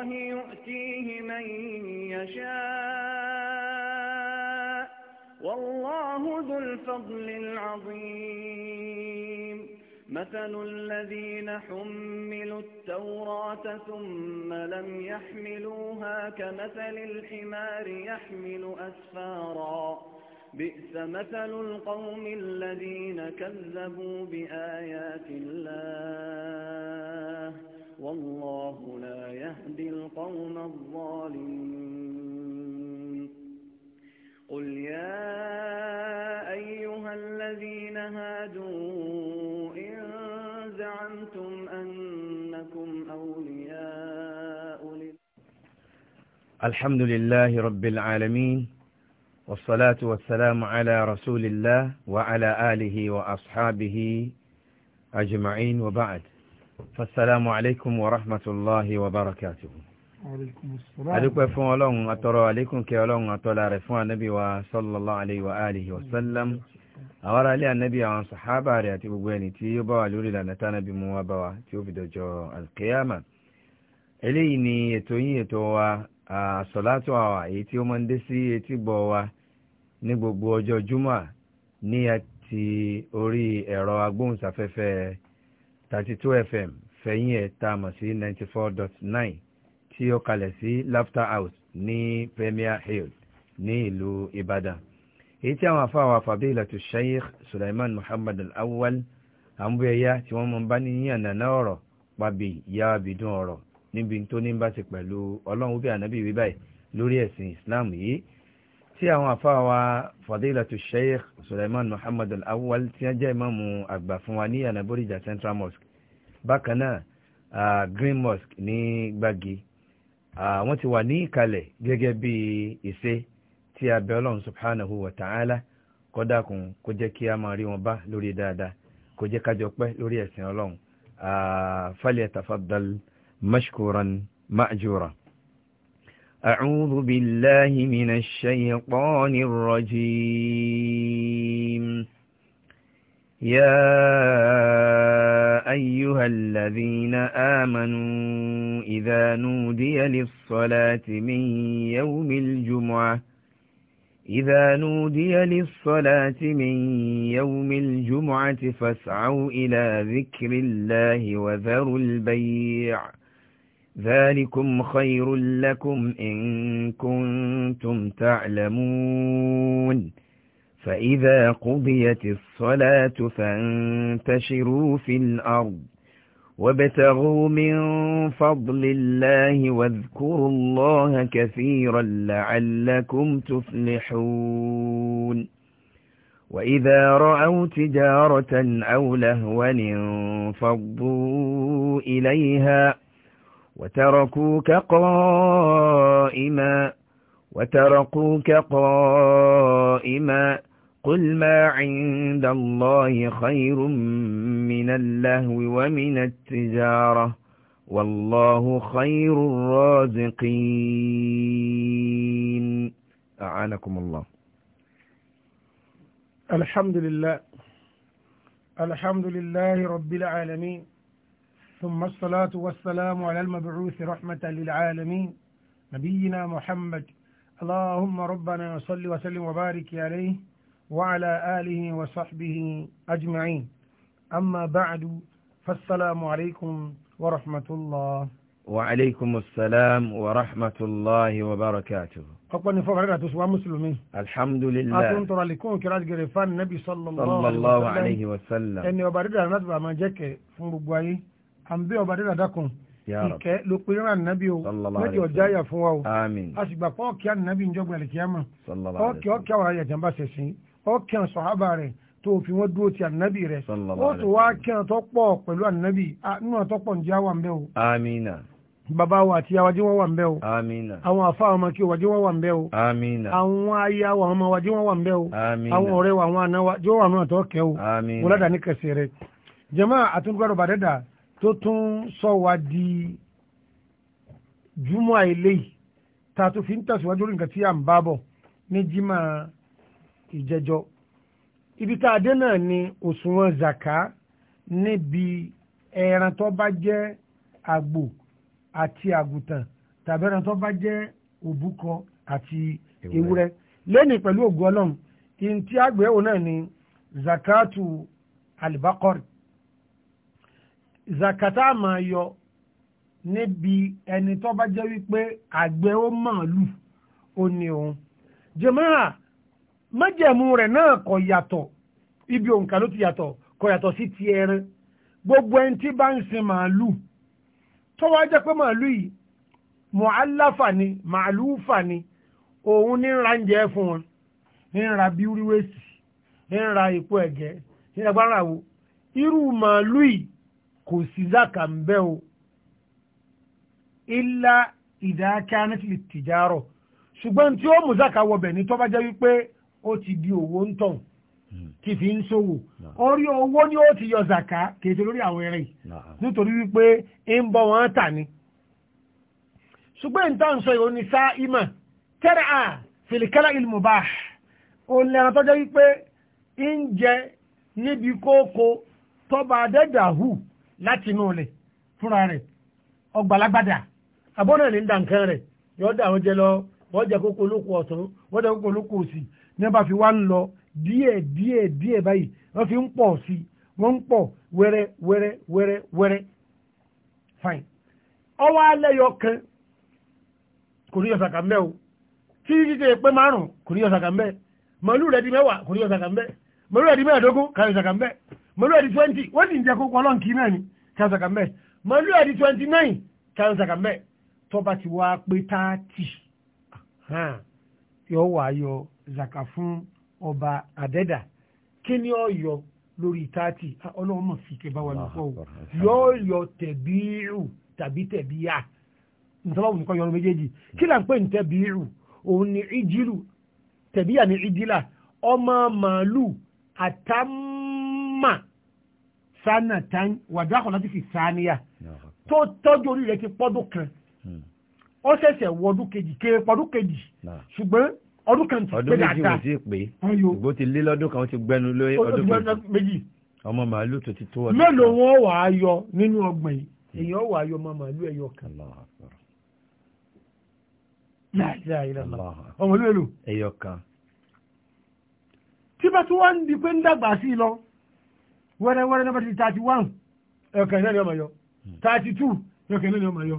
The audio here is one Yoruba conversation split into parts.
الله يؤتيه من يشاء والله ذو الفضل العظيم مثل الذين حملوا التوراة ثم لم يحملوها كمثل الحمار يحمل أسفاراً بئس مثل القوم الذين كذبوا بآيات الله والله لا يهدي القوم الظالمين قل يا أيها الذين هادوا إن زعمتم أنكم أولياء الحمد لله رب العالمين والصلاة والسلام على رسول الله وعلى آله وأصحابه أجمعين وبعد fasalaamu alaykum wa rahmatulahi wa barakatuh. adúpẹ́ fún ọlọ́run atọ́rọ alaykum kẹ́ ọlọ́run atọ́lá rẹ̀ fún anabi wa sallallahu alayhi wa alihi wa sallam àwọn ará ilé anabi àwọn sàhábà rẹ̀ àti gbogbo ẹni tí ó bá wà lórí ìlànà tánàbí mú wa bá wa tí ó fi dọjọ́ alkiyama eléyìí ni ètò yín ètò wa àsọ̀látò àwà èyí tí ó máa ń dé sí etí gbọ́ wa ní gbogbo ọjọ́ júmọ́ ní àti orí ẹ̀rọ agbóhùnsáfẹ́fẹ́ 32 fm fẹ̀yìn ẹ̀ tá a mọ̀ sí 94.9 tí ó kalẹ̀ sí laughter house ní premier hill ní ìlú ìbàdàn èyí tí àwọn afáwà fadilatu sheikh suleiman muhammad al-awwal àmúyẹyà tí wọ́n mọ̀ bá ní yànnàná ọ̀rọ̀ pàbí yá bìdún ọ̀rọ̀ níbi tó ní bá ti pẹ̀lú ọlọ́run bí ànábì wí lórí ẹ̀sìn islam yìí tí àwọn àfáà wa fadilatu sheikh suleiman muhammad al-awwal tí wọ́n jẹ́ ìmáàmù àgbà fún wa ní anaborija central mosque bákan náà uh, green mosque ní gbági wọ́n uh, ti wà ní ìkàlẹ̀ gẹ́gẹ́ bí ìṣe tí a bẹ ọlọ́run subhanahu wa ta'ala kọ́dákun kó jẹ́ kí a máa rí wọn bá lórí dáadáa kó jẹ́ kájọ pẹ́ lórí ẹ̀sìn ọlọ́run falyatafaddal mashkuran ma'jura. Ma أعوذ بالله من الشيطان الرجيم يا أيها الذين آمنوا إذا نودي للصلاة من يوم الجمعة إذا نودي للصلاة من يوم الجمعة فاسعوا إلى ذكر الله وذروا البيع ۖ ذلكم خير لكم إن كنتم تعلمون فإذا قضيت الصلاة فانتشروا في الأرض وابتغوا من فضل الله واذكروا الله كثيرا لعلكم تفلحون وإذا رأوا تجارة أو لهوا انفضوا إليها وتركوك قائما وتركوك قائما قل ما عند الله خير من اللهو ومن التجارة والله خير الرازقين أعانكم الله الحمد لله الحمد لله رب العالمين ثم الصلاة والسلام على المبعوث رحمة للعالمين نبينا محمد اللهم ربنا صل وسلم وبارك عليه وعلى آله وصحبه أجمعين أما بعد فالسلام عليكم ورحمة الله وعليكم السلام ورحمة الله وبركاته أقوى فوق رجعت سوى مسلمين الحمد لله أكون ترى لكون كرات جريفان النبي صلى الله, صلى الله عليه وسلم أني وبرد أنا ما جاك فنبقوا àǹbẹ ọba dídà dákun ìkẹ́ ló pe rán ànábì o lẹ́jọ́ ọjà yà fún wa o a sì gbà pé ọ̀kẹ́ ànábì ń jọ́gbìn àlìkíyàmà ọ̀kẹ́ ọ̀kẹ́ àwọn ayẹ̀jẹ̀ ń bá ṣẹ̀ sí ọ̀kẹ́ sọ̀hábà rẹ̀ tó fi wọ́n dúró ti ànábì rẹ̀ ó tó wá kẹ́hàn tó pọ̀ pẹ̀lú ànábì nínú àtọ́pọ̀ ń jẹ́ àwọn àmbẹ́ o. bàbá wa àti àwàjí wọn wà ń bẹ o. àwọn àfa àwọn ọmọ kí wàjí wọn wà ń bẹ o. àwọn aya àwọn ọmọ wàjí wọn wà ń bẹ o. àwọn ọ̀rẹ́ wa àwọn àna wa jọ wà náà tọ́ kẹ́ o. wọ́n ládàá ní kẹsì rẹ̀. jẹ́mọ́ àtúntò bàdẹ́dà tó tún sọ wá di júmọ́ eléyìí tá a tó fi ń tẹ̀síwájú lórí nǹkan tí à ń bá bọ̀ ní jimá ìjẹjọ́ ibi tá a dé náà ni òṣùwọ̀n zaka níbi ẹran tó bá jẹ́ àgbò àti àgùntàn tàbí ẹran tó bá jẹ́ òbúkọ àti ewúrẹ́ lẹ́nìí pẹ̀lú ògùn ọlọ́run kí n tí àgbẹ̀wò náà ni zakatu alibakori zakata máa yọ níbi ẹni tó bá jẹ́ wípé àgbẹ̀ ó màálù ó ní òun jẹ̀mọ́ra májẹ̀mú rẹ̀ náà kò yàtọ̀ ibi òǹkà ló ti yàtọ̀ kò yàtọ̀ sí ti ẹran gbogbo ẹni tí bá ń sin màálù tó wá jẹ́ pé màálù yìí mọ̀álàfà ni màálùfà ni òun ní ra ń fún wọn ní ra bíúríwèsì ní ra ìpò ẹ̀gẹ́ ní ra wo irú màálù yìí kò sí zaka ń bẹ́ o ilá ìdáká nítìlì tìjárọ̀ ṣùgbọ́n tí ó mú zaka wọbẹ̀ ní tọ́ba jẹ́ wípé ó ti di owó ń tàn hmm. tí fi ń ṣòwò orí owó ni ó ti yọ zaka kèéṣe lórí àwọn eré nítorí wípé ń bọ́ wọn tà ni ṣùgbọ́n ìtàn sọ ìròyìn sá ìmọ̀ tẹ́rẹ̀ à fìlìkẹ́lá al-mubah òun tọ́jọ́ wípé ń jẹ níbi kókó tọ́ba adẹ́dàhù láti inú ilẹ̀ fúnra rẹ̀ ọgbàlagbàdà àbọ̀nà ní dànkan rẹ̀ dà wọ́n jẹ lọ wọ́n jẹ kókó olóko ọ̀tún wọ́n jẹ kókó olóko òsì ní bá fi wá ń lọ díẹ̀ díẹ̀ díẹ̀ báyìí wọ́n fi ń pọ̀ sí wọ́n ń pọ̀ wẹ́rẹ́ wẹ́rẹ́ wẹ́rẹ́ wẹ́rẹ́ fine ọwọ́ alẹ́ yọ màálù ẹ̀dí twenty wọ́n sì ń jẹ kókó ọlọ́run kì í náà ni chance kan bẹ́ẹ̀ màálù ẹ̀dí twenty nine chance kan bẹ́ẹ̀ tọ́ba ti wá pé thirty yọ wà yọ zaka fún ọba àdẹ́dà kí ni ọ yọ lórí thirty ah, ọlọ́run mọ̀ sí kẹ́ bá wà lọ́pọ̀ o yọ yọ tẹ̀bíìrù tàbí tẹ̀bíyà ntọ́lọ́wù nìkan yọrọ méjèèjì kí là ń pè ní tẹ̀bíìrù òun ni ìjìlù tẹ̀bíyà ni ìjìlà ọmọ màálù àtàmù sọ́mà sanatan wàdáàkọ̀ láti fi sáníyà tó tọ́jú orí rẹ̀ ti pọ́dún kan hmm. ó ṣẹ̀ṣẹ̀ wọ ọdún kejì kéré pọ́dún kejì ṣùgbọ́n ọdún kan ti pé dáadáa ọdún méjì ò sí pé ìgbó ti lé lọ́dún kan ó ti gbẹnu lé ọdún méjì ọmọ màálù tó ti tó ọdún kan mélòó wọn wà á yọ nínú ọgbọ̀n yìí hmm. èèyàn wà á yọ ọmọ màálù ẹ̀yọ kan ọmọ màálù ẹ̀yọ kan tí bá tún wá ń di pé ń dàgbà sí i lọ wẹ́rẹ́wẹ́rẹ́ nọ́mbà ti thirty one ẹ̀kẹ́ náà ni ọmọ yọ hmm. thirty two ẹ̀kẹ́ náà ni ọmọ yọ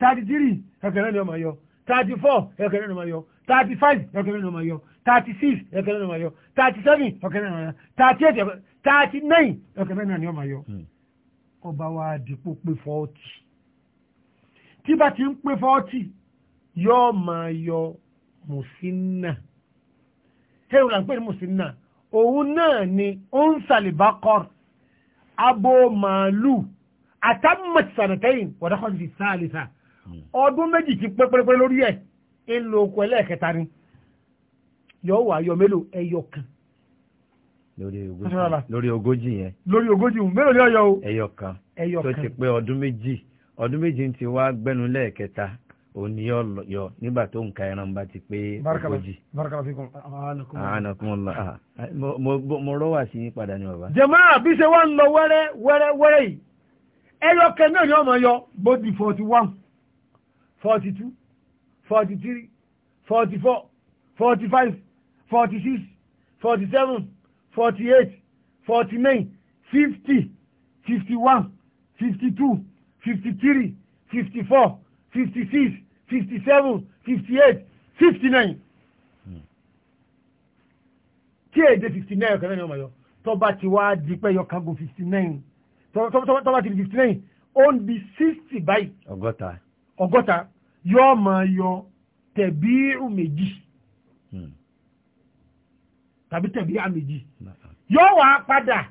thirty three ẹ̀kẹ́ náà ni ọmọ yọ thirty four ẹ̀kẹ́ náà ni ọmọ yọ thirty five ẹ̀kẹ́ náà ni ọmọ yọ thirty six ẹ̀kẹ́ náà ni ọmọ yọ thirty seven ẹ̀kẹ́ náà ni ọmọ yọ thirty eight thirty nine ẹ̀kẹ́ náà ni ọmọ yọ. Hmm. ọba wa dìpọ̀ pé forty tí bá ti ń pé forty yóò máa yọ mùsínà tẹ́wọ̀n là ń pè ní mùsínà òun náà ni ó ń abo màálù àtàmọ̀tì sànàtẹ́yìn wọ̀dákọ́sì fi sáàlìsà hmm. ọdún méjì ti pẹ́pẹ́pẹ́ lórí ẹ̀ ìlò okùn ẹlẹ́ẹ̀kẹta ni yóò wà yọ mélòó ẹyọ kan lórí ogójì yẹn lórí ogójì mélòó ni ọyọ o ẹyọ kan tó ti pé ọdún méjì ọdún méjì ti wá gbẹnu lẹ́ẹ̀kẹta òun ni yóò yọ nígbà tó nǹka ẹran bá ti pé ogójì. mo rọ́wà sí yín padà ní bàbá. jàmáà bí ṣe wá ń lọ wẹ́rẹ́ wẹ́rẹ́ wẹ́rẹ́ yìí ẹyọ kẹ náà ni ọmọ yọ bóti forty one forty two forty three forty four forty five forty six forty seven forty eight forty nine fifty fifty one fifty two fifty three fifty four fifty six fifty seven fifty eight fifty nine tí èdè fifty nine ọ̀kan náà ni wọ́n yọ tọ́ba ti wá di pé yọ kago fifty nine tọ́ba ti di fifty nine On ń di sixty báyìí. ọgọ́ta. ọgọ́ta yóò máa yọ tẹ̀bíìrù méjì hmm. tàbí tẹ̀bíìrù méjì yóò wá padà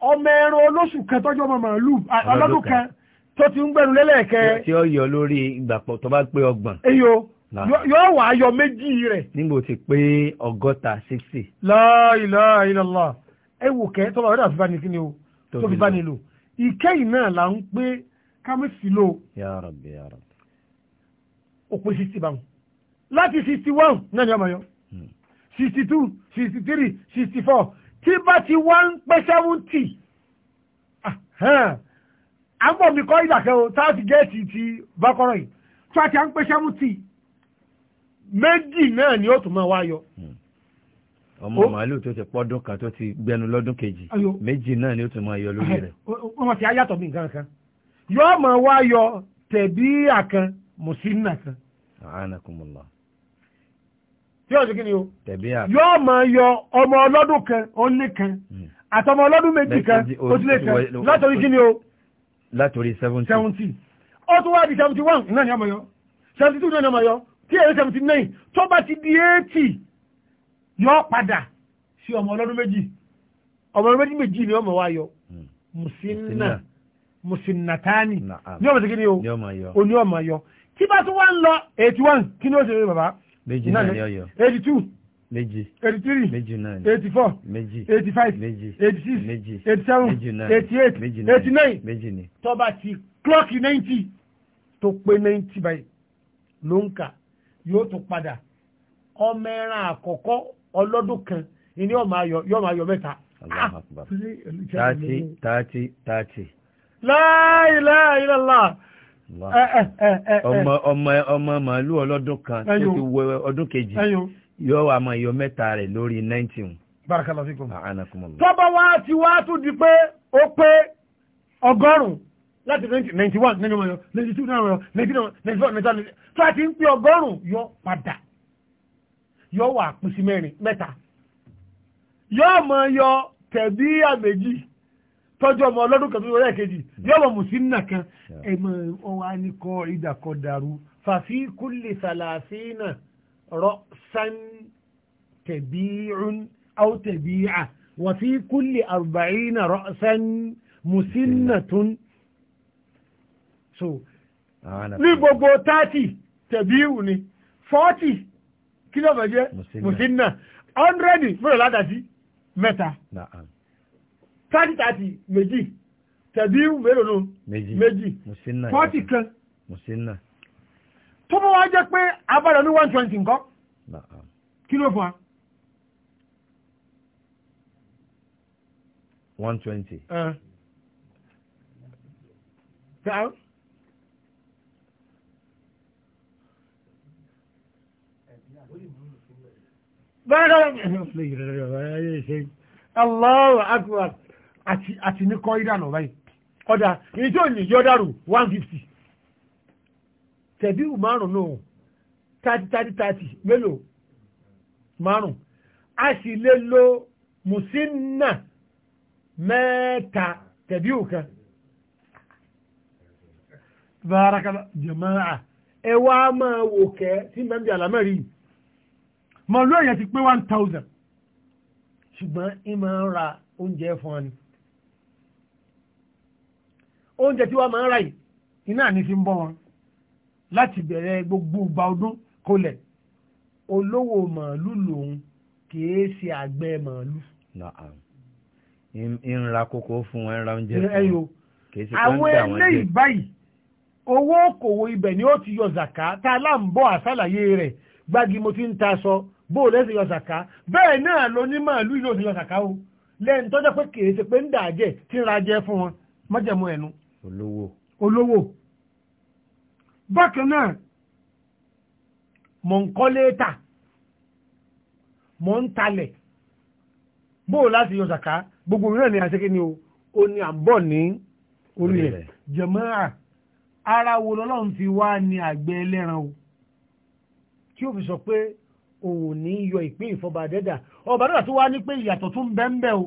ọmọ ẹran olóṣù kan tọ́jú ọmọ màálù ọlọ́dún kan tó ti ń gbẹ̀rún lẹ́lẹ́ẹ̀kẹ́. tí ó yọ lórí ìgbàpọ̀ tó bá pé ọgbọ̀n. eyo yóò wá yọ méjì rẹ̀. nígbà tí pé ọgọ́ta sixty. la ilaha illallah ẹ wò kẹ́ tọ́lá ọ̀rẹ́dà fi bá kíni o tó fi bá lò ìkẹyìn náà là ń pé kámẹ́sì lò. ya rabbi ya rabbi. pé sixty báwọn láti sixty one náà ni ọmọ yọ hmm. sixty two sixty three sixty four tí bá ti wá ń pẹ́ seventy. Ah, à ń bọ̀ mi kọ́ ìdàkẹ́ o táàtì géètì ti bákọ́rọ̀ yìí tó àti à ń pè sẹ́mùtì méjì náà ni ó tún máa wá yọ. Hmm. ọmọ màálù tó ti pọ́dún kan tó ti gbẹnu lọ́dún kejì méjì náà ni ó tún máa yọ lórí rẹ̀. ọmọ tí a yàtọ̀ mi nǹkan kan yóò máa wá yọ tẹ̀bí àkan mùsínà kan. àánàkùnmùlá tí ó ṣe kí ni o yóò máa yọ ọmọ ọlọ́dún kan ó ní kan hmm. àtọmọ ọlọ́dún méjì kan ó ti lè kan látọrí kí ni o látòrí seventy. seventy ó tún wá di seventy one náà ni ọmọ yọ seventy two náà ni ọmọ yọ tí èrè seventy nine tó bá ti di eighty yọ padà sí ọmọ ọlọ́dún méjì ọmọ ọlọ́dún méjì méjì ni ọmọ wa yọ hmm. musinna musinnatani ní ọmọ sẹ́kẹ́ ni o o ní ọmọ yọ tí bá tún wá ń lọ eighty one kí ni ó ṣe bàbá méjì náà ni ó yọ eighty two méjì eighty three méjì nine eighty four méjì eighty five méjì eighty six méjì eighty seven méjì nine eighty eight méjì nine eighty nine méjì ni. tó ti klọ́ọ̀kì ninety tó pé ninety báyìí ló ń kà yóò tún padà ọmọ ẹran àkọ́kọ́ ọlọ́dún kan ni yóò máa yọ yóò máa yọ mẹ́ta. tààtì tààtì tààtì. la ilaha illallah eh, eh, eh, ọmọ ọmọ ọmọ màálù ọlọ́dún kan tó ti wọ ọdún kejì yóò wà mọ iyọ mẹ́ta rẹ̀ lórí ninety one. barakallahu fikum. tọ́ba wa ti wá tún di pé ó pé ọgọ́rùn-ún láti ninety one ninety one ninety two ninety one ninety four ninety five tó a ti ń pè ọgọ́rùn-ún yọ padà yọ wà pín sí mẹ́rin mẹ́ta yọ mọ yọ tẹ̀bí àmẹ́jì tọ́jú ọmọ ọlọ́dún kan tó yọ lẹ́ẹ̀kejì yọ mọ mùsùlùmí kan ẹ̀ mọ ọwọ́ á ní dàrú fàfi sàlàfínà. رأسا تبيع أو تبيعة وفي كل أربعين رأسا مسنة so ní gbogbo 30 tẹ̀bíù ni 40 kí ló bẹ̀ jẹ́ musinna 100 fúnra ládàtí mẹ́ta 30-30 méjì tẹ̀bíù mélòó méjì 40 kan musinna tó bọ́ wá jẹ́ pé abára ní 120 nǹkan kí ló fún wa. 120. Uh. So, Allah akbar àti ní kọ́ ìdànà báyìí. Ọ̀dà, èyí tí ò ní yọ́dàrú 150 tẹ̀bí márùn no tati tati tati mélòó márùn-ún a sì lè lo mùsínà mẹ́ta tẹ̀bí kan bárakàlá jẹ̀máà ẹ wá máa wò kẹ́ sí mẹ́bí àlámẹ́rí mọ̀lú ẹ̀yẹ ti pé one thousand ṣùgbọ́n ẹ máa ń ra oúnjẹ fún ọ ni oúnjẹ tí wọ́n máa ń ra yìí iná ní fi ń bọ́ wọn láti bẹ̀rẹ̀ gbogbo ìgbà ọdún kólẹ̀ olówó màálù lòun kìí ṣe àgbẹ̀ màálù. ìnra kókó fún ẹ ra oúnjẹ fún un kìí ṣe pé ń dà wọ́n jẹ́. àwọn eléyìí báyìí owó okòwò ibẹ̀ ni ó ti yọ zàká tá a láǹbọ̀ àṣàlàyé rẹ̀ gbági mo ti ń ta aṣọ bó o lẹ́sìn yọ zàká bẹ́ẹ̀ náà ló ní màálù yóò ti yọ zàká o lẹ́yìn tó jẹ́ pé kìí ṣe pé ń dà jẹ́ tí ń ra jẹ́ fún wọn mọ́jẹ̀mú ẹnu. olówó olówó bákan náà mọ̀ ń kọ́ létà mọ̀ ń talẹ̀ bóò láti yọ zaka gbogbo mìíràn ni àṣekè ni o ó ní àbọ̀ ní orí ẹ̀ jẹ̀mọ́ra ara wo lọ́lọ́run fi wá ní àgbẹ̀ ẹlẹ́ran o tí ó fi sọ pé òun ní yọ ìpín ìfọba dẹ́dà ọba dẹ́dà tó wá ní pé ìyàtọ̀ tún bẹ́ẹ̀ bẹ́ẹ̀ o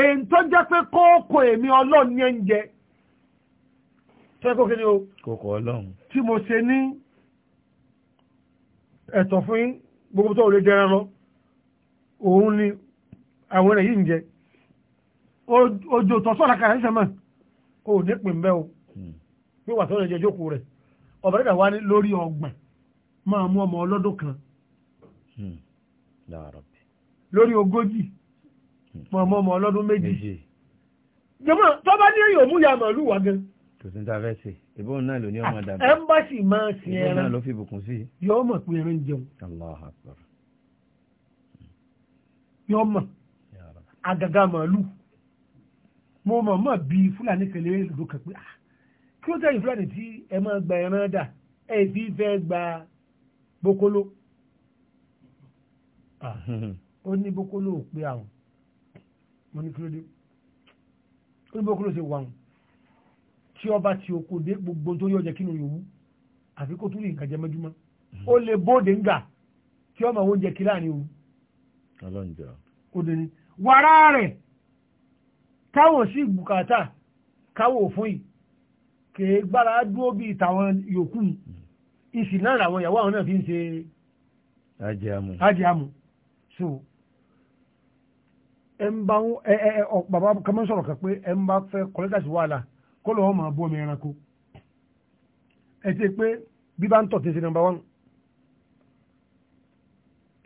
èyí tó jẹ́ pé kókó èmi ọlọ́ọ̀ni ẹ̀ ń jẹ tẹ́kọ́ kí ni o kòkò ọlọ́run tí mo ṣe ní ẹ̀tọ́ fún gbogbo tó lè jẹran lọ òun ni àwọn ẹ̀yìn jẹ ojú tó o ní pè mbẹ́ o pé hmm. wà tó lè jẹ jókòó rẹ̀ wá ní lórí ọgbọ̀n máa mú ọmọ ọlọ́dún kan hmm. lórí ogójì hmm. máa mú ọmọ ọlọ́dún méjì bá ní èyí kò sí ta fẹ́ ṣe ìbọn náà ló ní ọmọ dàbí. ẹ máa ṣe ẹran ìbọn náà ló fi ìbùkún sí. yọ ọmọ pé ẹran jẹun. Allahu Akbar. yọ ọmọ àgàgà màálù mo mọ̀ mọ̀ bí fúlàní kẹlẹ́ lòdò kan pé ah, kí ó tẹ̀yìn fúlàní tí ẹ máa gba ẹran dà ẹ fi fẹ́ gba bókóló. Ah, ó ní bókóló ò pé àwọn mo ní kí ló dé ó ní bókóló ṣe wà wọn tí ọba tí oko dé gbogbo nítorí ọjà kínú yòówù àfi kó tún lè nǹkan mẹjúmọ mhm. ó lè bóde ńgà tí ọmọ oúnjẹ kí láàrin òun. ọlọ́njọ. òde ni wàrà rẹ̀ táwọn sì bùkátà káwọ̀ fún yìí kèé gbára dúró bí tàwọn yòókù mhm. ìsìn náà làwọn ìyàwó àwọn náà fi ń ṣe. ajiamu. ajiamu so ẹ ń bá bàbá kan mọ́ sọ̀rọ̀ kan pé ẹ ń bá fẹ́ kọ́lẹ́tà wàhálà kó lọ́wọ́ máa bọ́ mi ẹranko ẹ ti pé bí bá ń tọ̀ tẹ̀sí nàmbà wán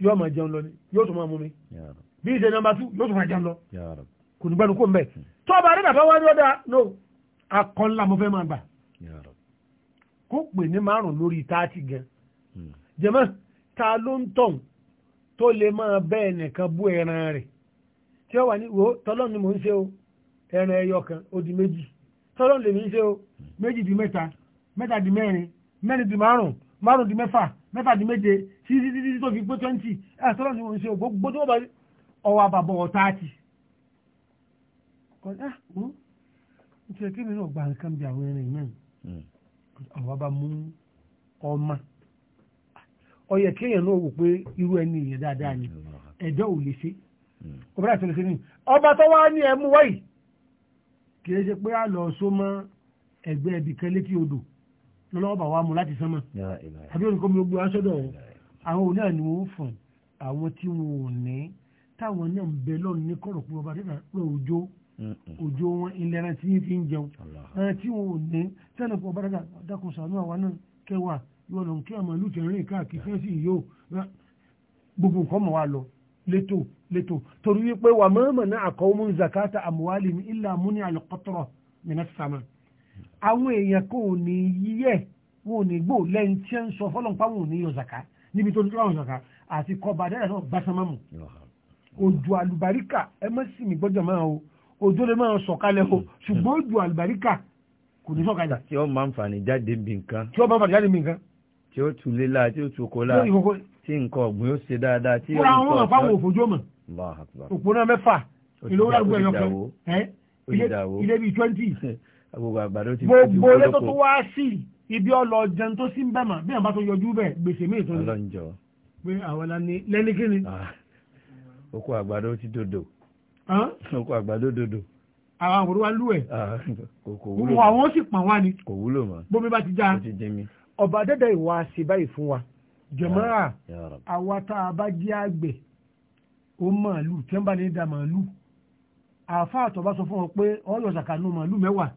yóò máa jẹun lọ ni yóò tún máa mú mi bí ìṣe nàmbà tú yóò tún máa jẹun lọ kò ní gbẹnu kó ń bẹ hmm. tó ọba rẹ bàbá wa ni ó dáa no akọ́ńlá mo fẹ́ máa gbà kó pè ní márùn lórí táàtì gan hmm. jẹmọ́ ta ló ń tọ̀n tó lè máa bẹ́ẹ̀ nìkan bú ẹran rẹ̀ tí ó wà ní wo tọ́lọ́ ni mò ń ṣe o ẹran ẹyọ kan ó méjì tọ́lọ́n lè ní ṣe o méjì di mẹ́ta mẹ́ta di mẹ́rin mẹ́rin di márùn márùn di mẹ́fà mẹ́fà di méje títí títí tó fi pé twenty ẹ̀ tọ́lọ́n lè ṣe o gbogbo tó bá ọwọ́ àbàbọ̀ ọ̀ táàtì. kọ́ńtà ah, ń ṣe kí mi náà nǹkan bí àwọn ẹran ìmọ̀ hmm. àwọn bá mú ọmọ ọyẹ kéèyàn náà wò pé irú ẹni ìyẹn dáadáa ni hmm. ẹ̀dọ́ ò lè ṣe hmm. ọba tó wá ní ẹmú wáyìí kìí ṣe pé a lọ so mọ ẹgbẹ́ ibi kan létí odò lọ́wọ́ bá wa mú láti sánmọ̀ àbí olùkọ́ mi gbogbo aṣọ́dọ̀ ọ̀hún àwọn òní àní wọn fún àwọn tí wọn ò ní táwọn náà ń bẹ lọ́nà ní kọ̀rọ̀ pé ọba dídà pé òjò òjò wọn ìlera tí yín fi ń jẹun àwọn tí wọn ò ní sẹ́nu pé ọba dídà dákun ṣàánú àwa náà kẹwàá ìwọ̀n lọ́n kí àmọ́ ìlú tẹ̀rín káàkiri fẹ́ẹ́ sì yóò gbogbo nǹkan mọ̀ wá lọ létò létò torí wípé wà mọ́mọ́ náà àkọ́wọ́mú zakata àmúwálì ní ilà múni àlùkọ́tọ̀rọ̀ mìíràn sàmà àwọn èèyàn kò ní yíyẹ wọn ò ní gbò lẹ́yìn tí ń sọ fọlọ́npá wọn ò ní yọ zaka níbi tó ń tọ́ àwọn zaka àti kọba dáadáa náà bá sánmà mu òjò àlùbáríkà ẹ má sì mí gbọ́dọ̀ máa o òjò lè máa sọ̀kalẹ̀ o ṣùgbọ́n òjò àlùbáríkà kò ní sọ̀kalẹ̀. tí ó máa ń fani jáde bí tí nǹkan ọ̀gbìn ó ṣe dáadáa tí. kúrò àwọn ọ̀fà wo òfòjú ọmọ òpónà mẹ́fà ìlú ọ̀gbìn ẹ̀yọ̀ kan ilé bíi twenty. gbogbo lẹ́tọ̀ tó wá sí ibi ọlọ jẹun tó sí ń bẹ̀ mà bí àwọn bá tó yọjú bẹ̀ gbèsè mí ìtọ́ni. ọlọ́njọ. pé àwọn la ní lẹ́ni kíni. Ah, oko àgbàdo ti dodo. oko àgbàdo dodo. àwọn àwòrán wa lú ẹ̀. Ah, kò àwọn ó sì pọ̀ ni. kò wúlò mọ́. bómi bá ti já. ọba dẹ́dẹ́ ìwà àṣìbáyì fún wa jọmọ́ra awata tá a bá jẹ́ àgbẹ̀ ó màálù tí wọ́n bá ní da màálù àáfà àtọ̀ bá sọ fún wọn pé ọ̀yọ̀ ṣàkànú màálù mẹ́wàá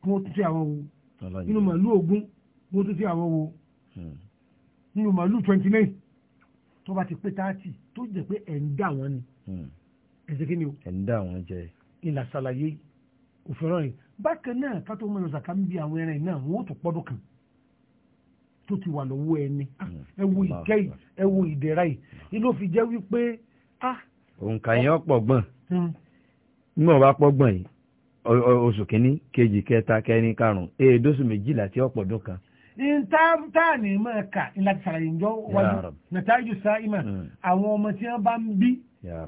kí wọ́n tún sí àwọn wo nínú màálù ogún kí wọ́n tún sí àwọn wo hmm. nínú màálù twenty nine tó bá ti pé thirty tó jẹ́ pé ẹ̀ ń dà wọ́n ni hmm. ẹ̀ ṣe kí ni o ẹ̀ ń dà wọ́n jẹ ìlà ṣàlàyé òfin rẹ̀ bákan náà ká mọ̀ ọ̀yọ̀ ṣàkànú bí àwọn ẹran náà wọ́n tún pọ́dún kan tó ti wà lọ́wọ́ ẹni ah, hmm. ẹ wo ìkẹ́ yìí ẹ wo ìdẹ̀ra yìí ilé òfin jẹ́ wípé. Ah, òǹkà yẹn ọ̀pọ̀ gbọ̀n hmm. nígbà wọn bá pọ̀ gbọ̀n yìí oṣù kìíní kejì kẹta kẹrin karùn-ún èèdóṣù méjìlá tí ọ̀pọ̀ dún kan. ìtaàní máa kà láti ṣàlàyé ìjọ wájú nàtàjù sáìmà hmm. àwọn ọmọ tí wọn bá ń bí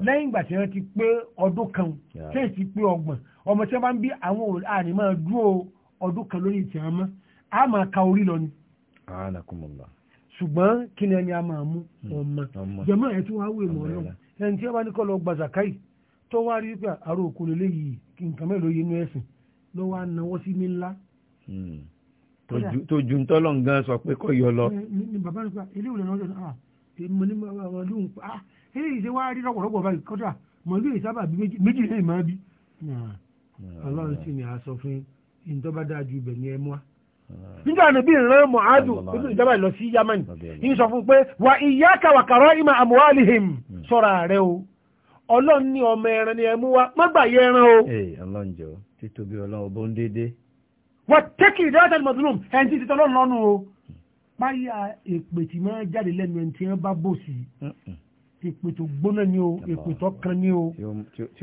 lẹ́yìn ìgbà tí wọn ti pé ọdún kan tí ti pé ọgbọ̀n ọmọ tí wọn bá ń bí àwọn àní dúró ọdún kan lórí ìtì àmọ́ àmọ́ ka orí lọ ni àánàkùnmọ̀lá ṣùgbọ́n kí ni ẹni a máa mú hmm. ọmọ jẹ́mọ́ ẹ̀ tí wọ́n á wé mọ́ náà ẹni tí ẹ bá ní kọ́ lọ gba zakai tó wá rí pé àrò òkú lélẹ́ yìí kí nǹkan mẹ́rin lóye inú ẹ̀sìn ló wá náwó sí mi ńlá. Hmm. tójú ntọ́lọ̀ gan sọ pé kò yọ lọ. ni bàbá mi pa ilé náà ṣe ah mo ní màlúù ń pa ah ilé ìṣe wá rí rọ̀pọ̀rọ̀pọ̀ báyìí kọ́dà màlúù ìsábà méjì lẹ́yìn máa bí. Hmm. ọlọ́run sì ni a sọ fún yín ní tó bá dáa ju ibẹ̀ ni ẹ nígbà níbi ìran mọ̀ádù ìjọba ìlọ sí yamani ń sọ fún pé wà ìyáka wà kàrọ́ ìmọ̀ àmúhálìhìm sọ́ra rẹ o ọlọ́run ní ọmọ ẹran ni ẹ mú wa má gbà yẹ ẹran o. ọlọ́run jọ títóbi ọlọ́run bó ń dédé. wà tẹ́kì ìdáyàtà mọ̀túnlùm ẹni tí títọ́ lọ́nù o. báyà hmm. èpè tí máa jáde lẹ́nu ẹni tí wọ́n bá bò sí èpè tó gbóná ni o èpè tó kan ni o.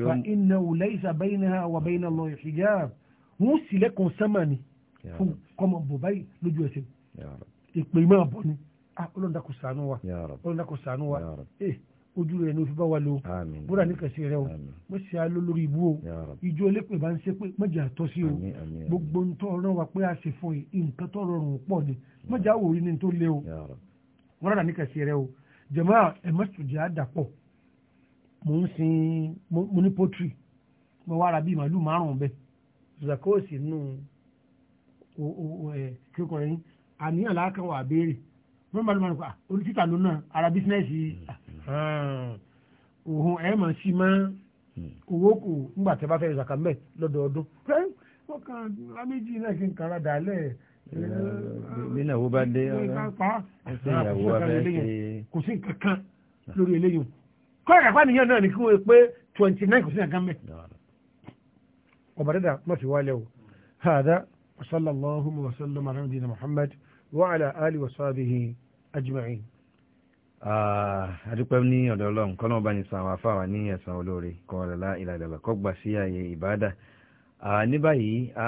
fa inna laysa baynaha wa bayna Allahi hijab wọ́n sì fún kọ́mọ bò báyìí lójú ẹsẹ̀ ìpè máa bọ̀ ni ah, ọlọ́run dákun ṣàánú wa ọlọ́run dákun ṣàánú wa eh, ojú rẹ̀ ni o fi bá wa lo búra ní kẹsì rẹ o mo ṣe alo lórí ibú o ìjọ elépè bá ń ṣe pé mọ̀jà tọ́ sí o gbogbo ń tọ́ wa pé a ṣe fún yìí nǹkan tó rọrùn pọ̀ ni mọ̀jà òòrí ni tó lé o wọ́n rà ní kẹsì rẹ o jẹ̀mọ́ ẹ̀mọ́sùjẹ́ àdàpọ̀ mo ń sin mo ní pọ́tírì mo wá ra bíi màálù márùn-ún bẹ́ẹ̀ zakosi nù. No kíkọ yín àníyàn láàkàn wà béèrè wọn bá ah, ló mm. ah, ah. máa ń pa oníṣítà ló náà ara bísínẹ́sì òhun ẹ̀ máa sí máa mm. owó kù nígbà tí a bá fẹ́ ìṣàkà mẹ́ lọ́dọọdún wọ́n kan láméjì náà kí n kàrà dálẹ̀ nínú ìwọ bá dé ọ̀rọ̀ ìyàwó abẹ́ ṣe kò sí nǹkan kan lórí eléyìí kọ́ ìyàpá nìyẹn náà ni kí wọ́n pé twenty nine kò sí nǹkan mẹ́ ọ̀bàdàdà mọ̀ sí wálé o. وصلى الله وسلم على نبينا محمد وعلى آله وصحبه أجمعين adúpẹ́ ní ọ̀dọ̀ ọlọ́run kọ́nà ọba ní sàwọn afáwà ní ẹ̀sán olóore kan ọ̀lọ́lá ìlàdàlà kọ́gbà sí ààyè ìbáàdà ní báyìí a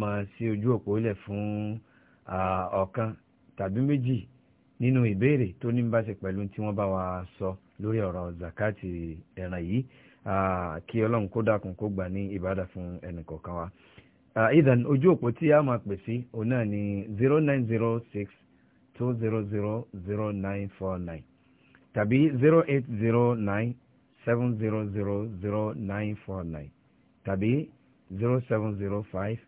mọ̀ sí ojú òpó ilẹ̀ fún ọ̀kan tàbí méjì nínú ìbéèrè tó ní bá ṣe pẹ̀lú tí wọ́n bá wa sọ lórí ọ̀rọ̀ zakati ẹ̀ràn yìí kí ọlọ́run kó dákun kó gbà ní ìbáàdà fún ẹnìkọ̀ọ̀kan wa ìdàn ojú òpó tí a máa pè sí òun náà ni zero nine zero six two zero zero zero nine four nine tàbí zero eight zero nine seven zero zero zero nine four nine tàbí zero seven zero five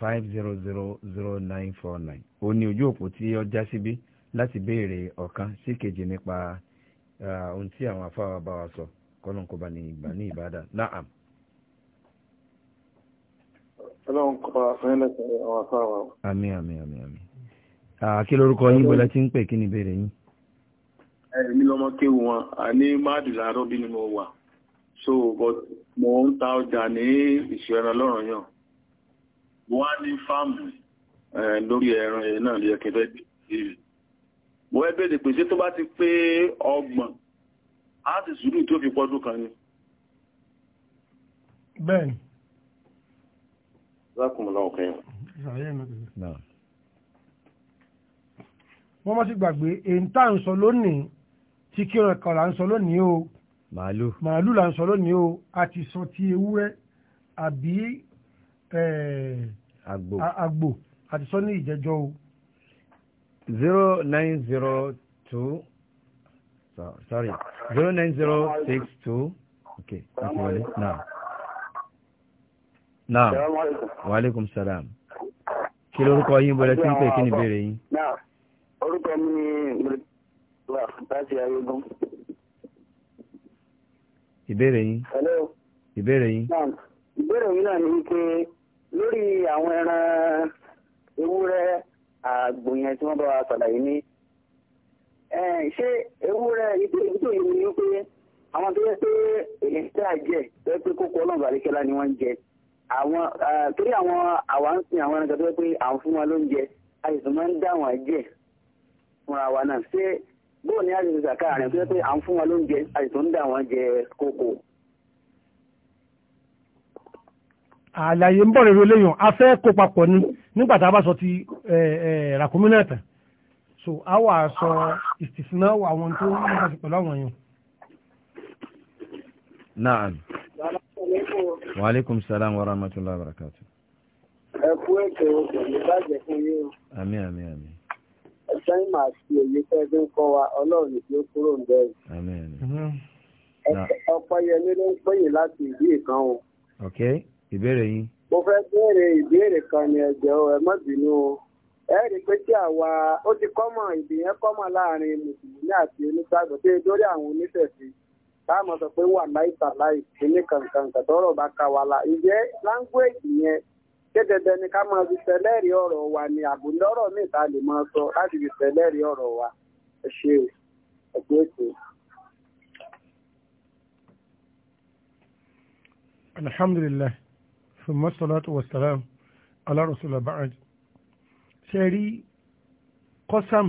five zero zero zero nine four nine òun ni ojú òpó tí ó já síbí láti béèrè ọ̀kan sí kejì nípa ohun tí àwọn afáwà bá wa sọ kọ́nà kó bá ní ìgbà ní ìbádà naam ọlọ́run kọ́ àfẹ́lẹ́sẹ̀ àwọn afárá. àmín àmín àmín àmín. kí lórúkọ yín bọ́lá tí ń pè kí ni ìbéèrè yín. èmi lọmọ kéwù wọn ní mádùlá rọ́bì ni mo wà so but mo ń ta ọjà ní ìṣẹ́ ẹran lọ́rọ̀ yàn mo wá ní fáàmù lórí ẹran yẹn náà lè kẹfẹ́ bèèrè mo fẹ́ bèèrè pèsè tó bá ti pé ọgbọ̀n á sì sùúrù tó fi pọ́dún kan ni. bẹ́ẹ̀ni. Jazakumullahu khairan. wọ́n mọ́ sí gbàgbé èyí tá à ń sọ lónìí tí kí ọ̀rọ̀ kan là ń sọ lónìí o màálù màálù là ń sọ lónìí o a ti sọ ti ewúrẹ́ àbí àgbò àti sọ ní ìjẹjọ́ o. zero nine zero two sorry zero nine zero six two okay Okay. wọlé now. Naam. Wa alaikum salam. Kí lórúkọ yín bọ̀lẹ̀ tí ń pè kí ni ìbéèrè yín? Náà, orúkọ mi ni Mùrùtúwà láti Ayégún. Ìbéèrè yín? Hello. Ìbéèrè yín? Náà, ìbéèrè yín náà ni wípé lórí àwọn ẹran ewúrẹ́ àgbòyàn tí wọ́n bá wa ṣàlàyé ní. Ṣé ewúrẹ́ ìtòyìnbó yìí ni wípé àwọn tó yẹ pé èyí tí a jẹ pé kókó ọlọ́run bàríkẹ́lá ni wọ́n ń jẹ àwọn torí àwọn àwa ń sin àwọn ẹranko tó yẹ pé à ń fún wọn lóúnjẹ a sì tún máa ń dá wọn jẹ fúnra wa náà ṣé bóò ní àṣìṣe sàkà rẹ tó yẹ pé à ń fún wọn lóúnjẹ a ń dá wọn jẹ kókó. àlàyé ń bọ̀ rẹ̀ lóléyàn a fẹ́ kó papọ̀ ni nígbà tá a bá sọ ti ràkúnmí náà tán so a wà sọ ìsìsìnà àwọn tó ń bá ti pẹ̀lú àwọn yẹn. naam. Wa alaikum salam wa rahmatullahi wa barakatuh. Ẹ kú ètò òṣèlú bàjẹ́ fún yóò. Àmín àmín àmín. Ẹ̀sán ìmọ̀ àti òye tẹ́gbẹ́ ń kọ́ wa ọlọ́run tí ó kúrò ń bẹ̀rù. Àmín àmín. Ọpẹ́yẹmí ló ń péye láti ìlú ìkan o. Ok, ìbéèrè yín. Mo fẹ́ béèrè ìbéèrè kan ni ẹ̀jẹ̀ o, ẹ má bínú o. Ẹ rí i pé tí àwa ó ti kọ́mọ̀ ìbí yẹn kọ́mọ̀ láàrin Mùsùlùmí àti onígbàgbọ́ táàmù sọ pé wà láì kíní kankan kàtọ́rọ̀ bá ka wà la ìjẹ́ ni ká máa fi tẹlẹ́rìí wa ni àbúndọ́rọ̀ míì ta lè máa sọ láti fi wa ẹ ṣe ètò. alhamdulillah summa salatu wa salam ala rasulillah ba'ad ṣe rí kọ́sàm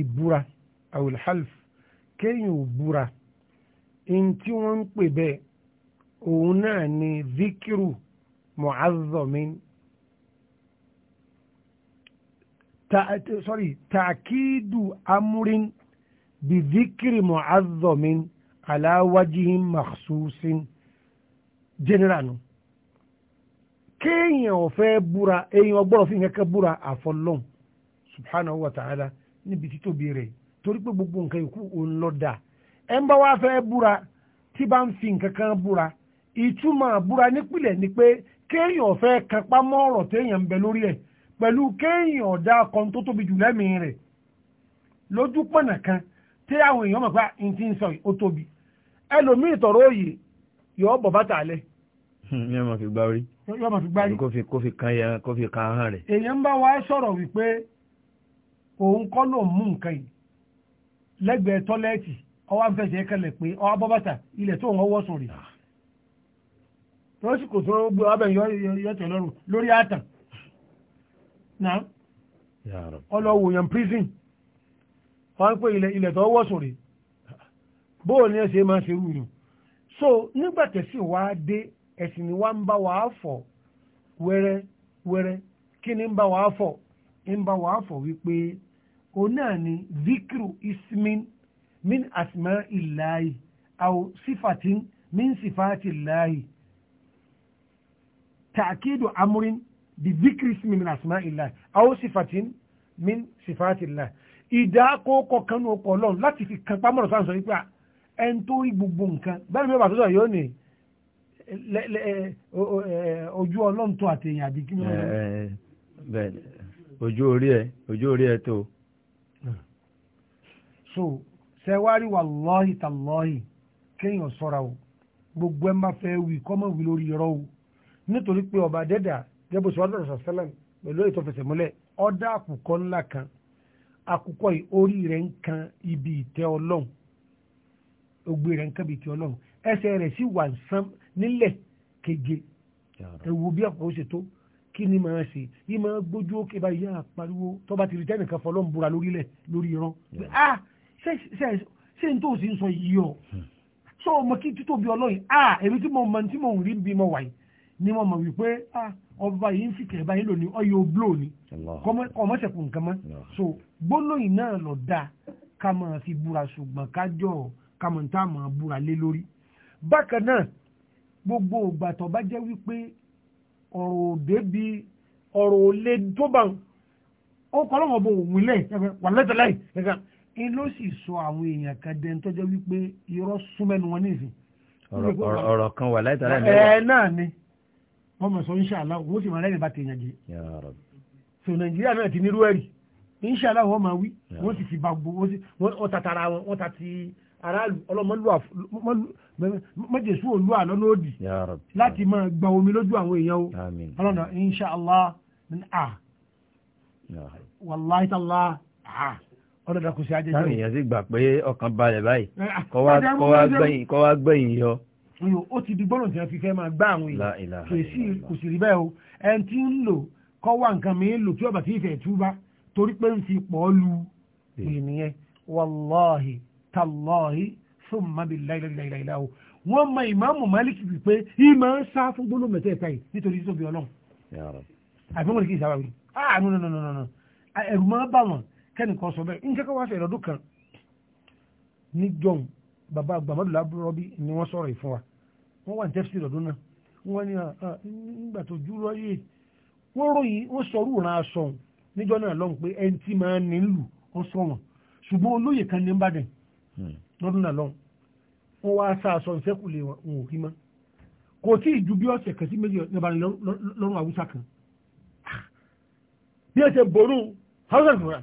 ìbúra àwòlhálf in tí wọ́n ń pè bẹ́ẹ̀ òun náà ni zikiru mu'azzamin ta sorry takidu amurin bi zikiri mu'azzamin ala wajihin makhsusin general nu kéèyàn ọ̀fẹ́ búra èèyàn ọgbọ́rọ̀ fi nǹkan búra àfọlọ́n subhanahu wa ta'ala níbi títóbi rẹ̀ torí pé gbogbo nǹkan ikú òun lọ́dà ẹ̀ ń bá búra tí bá ń fi nkankan búra ìtumọ̀ búra nípìnlẹ̀ ni pé kéèyàn fẹ́ kápá mọ́ ọ̀rọ̀ téèyàn ń bẹ lórí ẹ̀ pẹ̀lú kéèyàn dá tó tóbi jù kan tí àwọn èèyàn mọ̀ pé ah, n ti ń sọ ó tóbi ẹlòmíì òye yọ bọ̀ bàtà alẹ́. yọ ya ma fi gbárí kó fi kan yẹn kó fi kan hàn èèyàn ń bá wa sọ̀rọ̀ wípé òun kọ́ ọwọ́ àfẹsẹ̀ kẹlẹ̀ pé ọwọ́ bọ́bàtà ilẹ̀ tó ń lọ́sì kò tó gbé ọbẹ̀ lọ́rùn lórí àtàn náà ọlọ́wọ̀ yàn prison wọ́n pé ilẹ̀ tó wọ́ ya bóò ní ẹsẹ̀ máa ṣe so nígbà tẹ̀sí wa dé ẹ̀sìn ni wá ń bá ni ń bá min asma'illahi aw sifatin min sifatillahi ta'kidu amrin bi dhikri ismin min asma'illahi aw sifatin min sifatillahi ìdá kókó kanú ọkọ̀ ọlọ́run láti fi kan pamọ́rọ̀ sáà sọ wípé ẹni tó rí gbogbo nǹkan bẹ́ẹ̀ ni bàbá tó sọ yóò ní ojú ọlọ́run tó àtẹ̀yìn àbí kí wọ́n lọ. ojú orí ẹ ojú orí ẹ tó. so sẹ́wárí wàlọ́hì tàlọ́hì kéèyàn sọ́ra o gbogbo ẹ̀ máa fẹ́ wí kọ́mọ̀ wí lórí irọ́ o nítorí pé ọba dẹ́dà gẹ́gbó sọ ọdún sàṣẹ́lẹ̀m pẹ̀lú ètò ìfẹsẹ̀múlẹ̀ ọ̀dà àkùkọ ńlá kan àkùkọ yìí orí rẹ̀ ń kan ibi ìtẹ́ ọlọ́run ògbé rẹ̀ ń kan ibi ìtẹ́ ọlọ́run ẹsẹ̀ rẹ̀ sì wà sán nílẹ̀ keje ẹ̀wù bí àkùkọ ṣe tó kí ni máa ṣe yìí máa gbójú ókè báyìí yá àpariwo tó bá ti rí tẹ́nìkan fọlọ́run ṣe ń tó sì ń sọ yìí ọ sọ ọmọ kí títóbi ọlọ́yìn a ah, èmi tí mo mọ tí mo ń rí bí mo wà yìí ni mo mọ̀ wípé ah, ọba yìí ń fi kẹ̀ẹ́bá yìí lónìí ọyọ blow ni kọmọṣẹ̀kù nǹkan mọ́ so gbólóyìn náà lọ dáa ká máa fi búra ṣùgbọ́n kájọ ká mọ̀ tá a máa búra lé lórí bákan náà gbogbo ìgbà tó bá jẹ́ wípé ọ̀rọ̀ òde bí ọ̀rọ̀ òle tó bá ó kọ́ lọ́wọ́ bó wílẹ̀ wà lẹ́tọ̀ọ́ láì in ló sì sọ àwọn èèyàn kan dẹni tọ́jọ́ wípé irọ́ súnmẹ́nu wọn nìsín. ọ̀rọ̀ kan wà láìta láì mẹ́wàá. ẹ náà ni wọ́n mọ̀ sọ inṣàlá wọ́n sì máa lẹ́yìn bá tèèyàn jẹ. so nàìjíríà náà ti nírú ẹ̀rì inṣàlá wọ́n máa wí wọ́n sì ti ba gbogbo wọ́n ta tara wọn wọ́n ta ti aráàlú ọlọ́mọdéṣú òlú àlọ́ lódì láti máa gba omi lójú àwọn èèyàn o ọlọ́nà inṣàlá ah wàláìtàlá ah ọlọ́dà kò sí ajẹjẹ o. táwọn èèyàn sì gbà pé ọkàn balẹ̀ báyìí ah, kọ́ wá gbẹ̀yìn yọ. ó ti di gbọ́dọ̀ tí wọ́n fi fẹ́ máa gbá àwọn èèyàn kò sì rí bẹ́ẹ̀ o ẹni tí ń lò kọ́ wá nǹkan mi ń lò tí ọ̀bà tí ì fẹ́ túbá torí pé ń fi pọ̀ lu ènìyàn wàláhì tàláhì fún mami láìláìláìláìlá o wọ́n mọ ìmáàmù Málíkì wípé ìmọ̀ ń sá fún gbólóhùn mẹ́tẹ̀ẹ̀ta kẹ́nìkan sọ bẹ́ẹ̀ nǹkan kan wá fẹ́ lọ́dún kan ní john bàbá gbàmọ́dù lábúrọ́bí ni wọ́n sọ̀rọ̀ ìfún wa wọ́n wà ní tẹ́fsì lọ́dún náà wọ́n ní nígbà tó dúró yìí wọ́n ròyìn wọ́n sọ̀rọ̀ òun aṣọ níjọ́ náà lọ́hùn pé ẹni tí máa ní lù ọ́ sọ wọn ṣùgbọ́n olóyè kan ní Ìbàdàn hmm. lọ́dún náà lọ́hùn wọ́n wá sá aṣọ ìṣẹ́kùlé wọn ò rí mọ́ kò tí ì ju bí ọ̀sẹ̀ kan sí méjì nígbà lọ́rùn Haúsá kan ah! bí ẹ ti ború Haúsá kan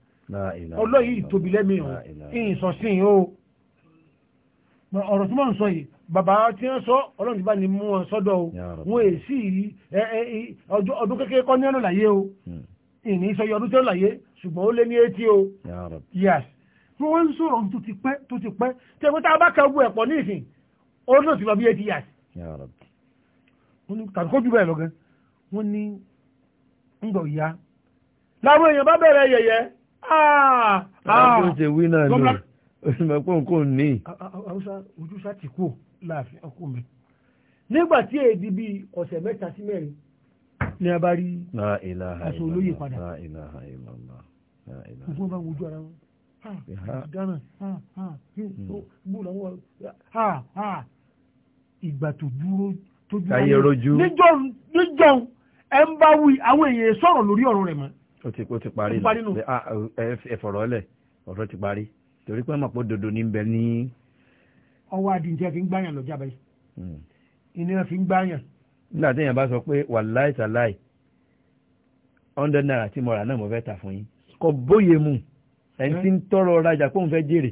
ọlọ́yìí ìtòbí lẹ́mí o ìsọ̀sìn o ọ̀rọ̀ tí mò ń sọ yìí bàbá tí wọ́n sọ ọlọ́run ti bá ní mú wọn sọ́dọ̀ o wọn è sí ọdún kékeré kọ́ ní ọ̀nà láyé o hmm. ìní sọyọ ọdún tí ó láyé ṣùgbọ́n ó lé ní etí o yes tí wọ́n ń sọ̀rọ̀ tó ti pẹ́ tó ti pẹ́ tí ẹgbẹ́ tá a bá ka gbogbo ẹ̀pọ̀ ní ìsìn ó náà ti lọ bí eighty years tàbí kó jù bẹ́ẹ̀ lọ gan wọ́n ní ń gbọ̀ ìyá láwọn èèyàn bá bẹ̀rẹ̀ yẹ̀yẹ́ Ah, àwọn tó ah. ń ṣe wí náà nù òṣìmọ̀pọ̀ nǹkan ní. haúsá ojúṣà ti kú láàfin ọkọ mi nígbà tí èdè bíi ọ̀sẹ̀ mẹ́ta sí mẹ́rin ni a bá rí aṣọ olóyè padà gbogbo bá wojú ara wọn gánà hmm. gbogbo làwọn ìgbà tó dúró tó dúró níjọ́ níjọ́ ẹ ń bá wí àwọn èèyàn sọ̀rọ̀ lórí ọ̀rọ̀ rẹ̀ mọ́ ó ti ó ti parí nù ah, ẹ̀fọ̀rọ̀ lẹ̀ ọ̀rọ̀ ti parí torí pé màpọ̀ dodo ní bẹ ní. ọwọ́ adìjẹ́ fi ń gbáyàn lọ́jà báyìí ìnira fi ń gbáyàn. nígbà tí èèyàn bá sọ pé wàláì sàláì hundred naira tí mo rà náà mo fẹ́ tà fún yín kò bóyè mu ẹni tí ń tọrọ rajà kó n fẹ́ jèrè.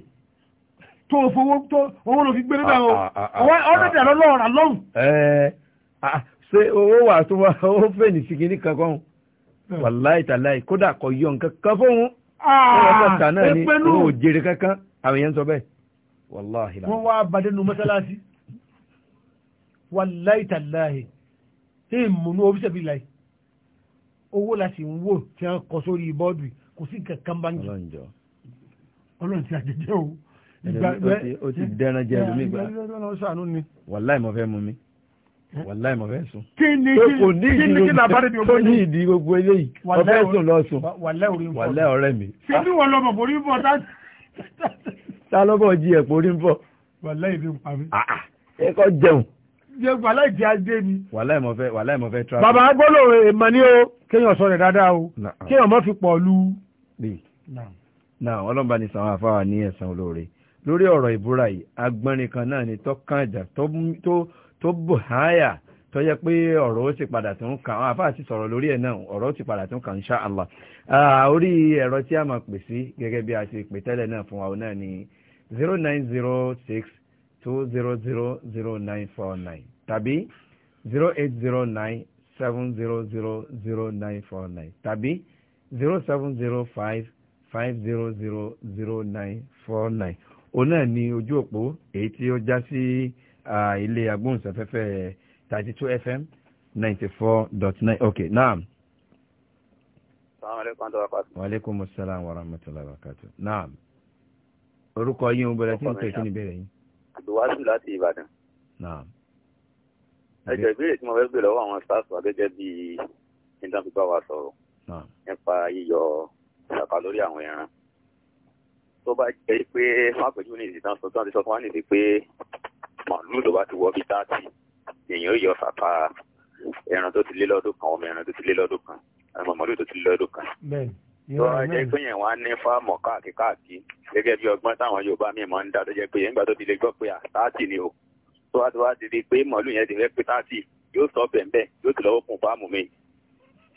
tó o fowó tó owó ló fi gbé nígbà ah, o ọ̀rẹ́ dàrọ́ lọ́ọ̀rà lọ́hùn. Eh, ah, ṣé owó wà tó wá owó fèèní sí Hmm. wàláì tàláì kódà kọ yọ nǹkan kan fóun ọlọ́pàá tà náà ni òun ò jèrè kankan àwọn èèyàn sọ bẹ́ẹ̀ wàláì láì. wọ́n wá abadẹ́nu mọ́sálásí wàláì tàláì tí ìmùnú oríṣẹ́ bí láì owó láti ń wò tí wọ́n kọ sórí bọ́ọ̀dù kò sí nǹkan kan bá ń jẹ ọlọ́run ti àjẹjẹ́ o. o ti dẹran jẹ ẹlòmíì gbà wàláì mo fẹ́ mú mi wàláì mọ̀ fẹ́ sùn. kí ni kí ni abáde ni o bọ́ ní ìdí gbogbo eléyìí o fẹ́ sùn lọ sùn wàláì ọ̀rẹ́ mi. ṣé bí wọn lọ mọ̀ borí ń bọ̀ tá. tá ló bọ̀ jí ẹ̀ borí ń bọ̀. wàláì bí n pa mi. Ah, ah. ẹ kọ́ jẹun. jẹ wàláì jẹ ajé mi. wàláì mọ̀ fẹ́ wàláì mọ̀ fẹ́ travel. bàbá gbọ́dọ̀ èèmọ̀ ni o kéèyàn sọ rẹ̀ dáadáa o kéèyàn mọ̀ fi pọ̀ lu. náà ọlọ́mọba ni sàwọn àfáwà ní tó bù háyà tó yẹ pé ọ̀rọ̀ ó ti padà tó ń kàn án àfáà ti sọ̀rọ̀ lórí ẹ̀ náà ọ̀rọ̀ ti padà tó ń kàn insha Allah orí ẹ̀rọ tí a máa pè sí gẹ́gẹ́ bí a ti pè tẹ́lẹ̀ náà fún wa náà ni zero nine zero six two zero zero zero nine four nine tàbí zero eight zero nine seven zero zero zero nine four nine tàbí zero seven zero five five zero zero zero nine four nine òun náà ni ojú òpó èyí tí ó já sí. Si ilé agbóhùnsáfẹ́fẹ́ thirty two fm ninety four dot nine okay naam. salaamaleykum wa rahmatulahi. salaam wa rahmatulahi wa naam. orúkọ yín o bẹ̀rẹ̀ tí n pè ni bẹ̀rẹ̀ yín. àdùwásù láti ìbàdàn. naam. ẹ ìbéèrè tí mo fẹ́ gbé lọ́wọ́ àwọn sáàsù gẹ́gẹ́ bí nígbà pípa wa sọ̀rọ̀ nípa yíyọ ìṣàpá lórí àwọn ẹran tó bá jẹ́ pé fún àpèjúwe ní ìsìtàn sọ tí wọ́n ti sọ pé màálù tó bá ti wọ bíi táàtì èèyàn yọ fàpá ẹran tó ti lé lọ́dún kan ọmọ ẹran tó ti lé lọ́dún kan ọmọ màálù tó ti lé lọ́dún kan. tó a jẹ́ pé yẹn wọ́n á ní fáàmù káàkiri káàkiri gẹ́gẹ́ bí ọgbọ́n táwọn Yorùbá mi máa ń dá tó jẹ́ pé yẹn gbà tó ti lè gbọ́ pé táàtì ni o tó wá ti wá ti di pé màálù yẹn ti fẹ́ pé táàtì yóò sọ bẹ̀ẹ̀bẹ̀ yóò ti lọ́wọ́ kún fáàmù mi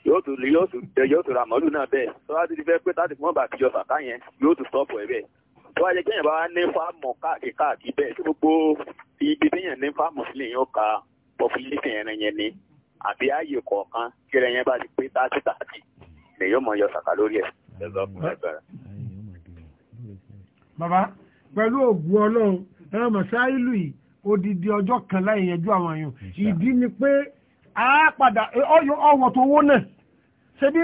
yóò tún ra màálù náà bẹ́ẹ̀ tó wá ti di fẹ́ pé táàtì fún ọ̀bà àtijọ́ sàkà yẹn yóò tún sọ́ọ̀pù ẹ̀ bẹ́ẹ̀ tó bá jẹ́ kéèyàn bá ní fáàmù káàkiri káàkiri bẹ́ẹ̀ tí gbogbo ibi téèyàn ní fáàmù sílẹ̀ yóò ka population ẹran yẹn ni àbí ààyè kọ̀ọ̀kan tí ẹran yẹn bá ti pé thirty thirty lè yóò mọ̀ yọ sàkà lórí ẹ̀. bàbá pẹ̀lú ògùn ọlọ́run ẹran mọ̀sáìlù yìí odidi ọjọ́ kan láì yẹjú àwọn èèyàn ìdí ni pé a padà ọwọ́ tó wó náà ṣe bí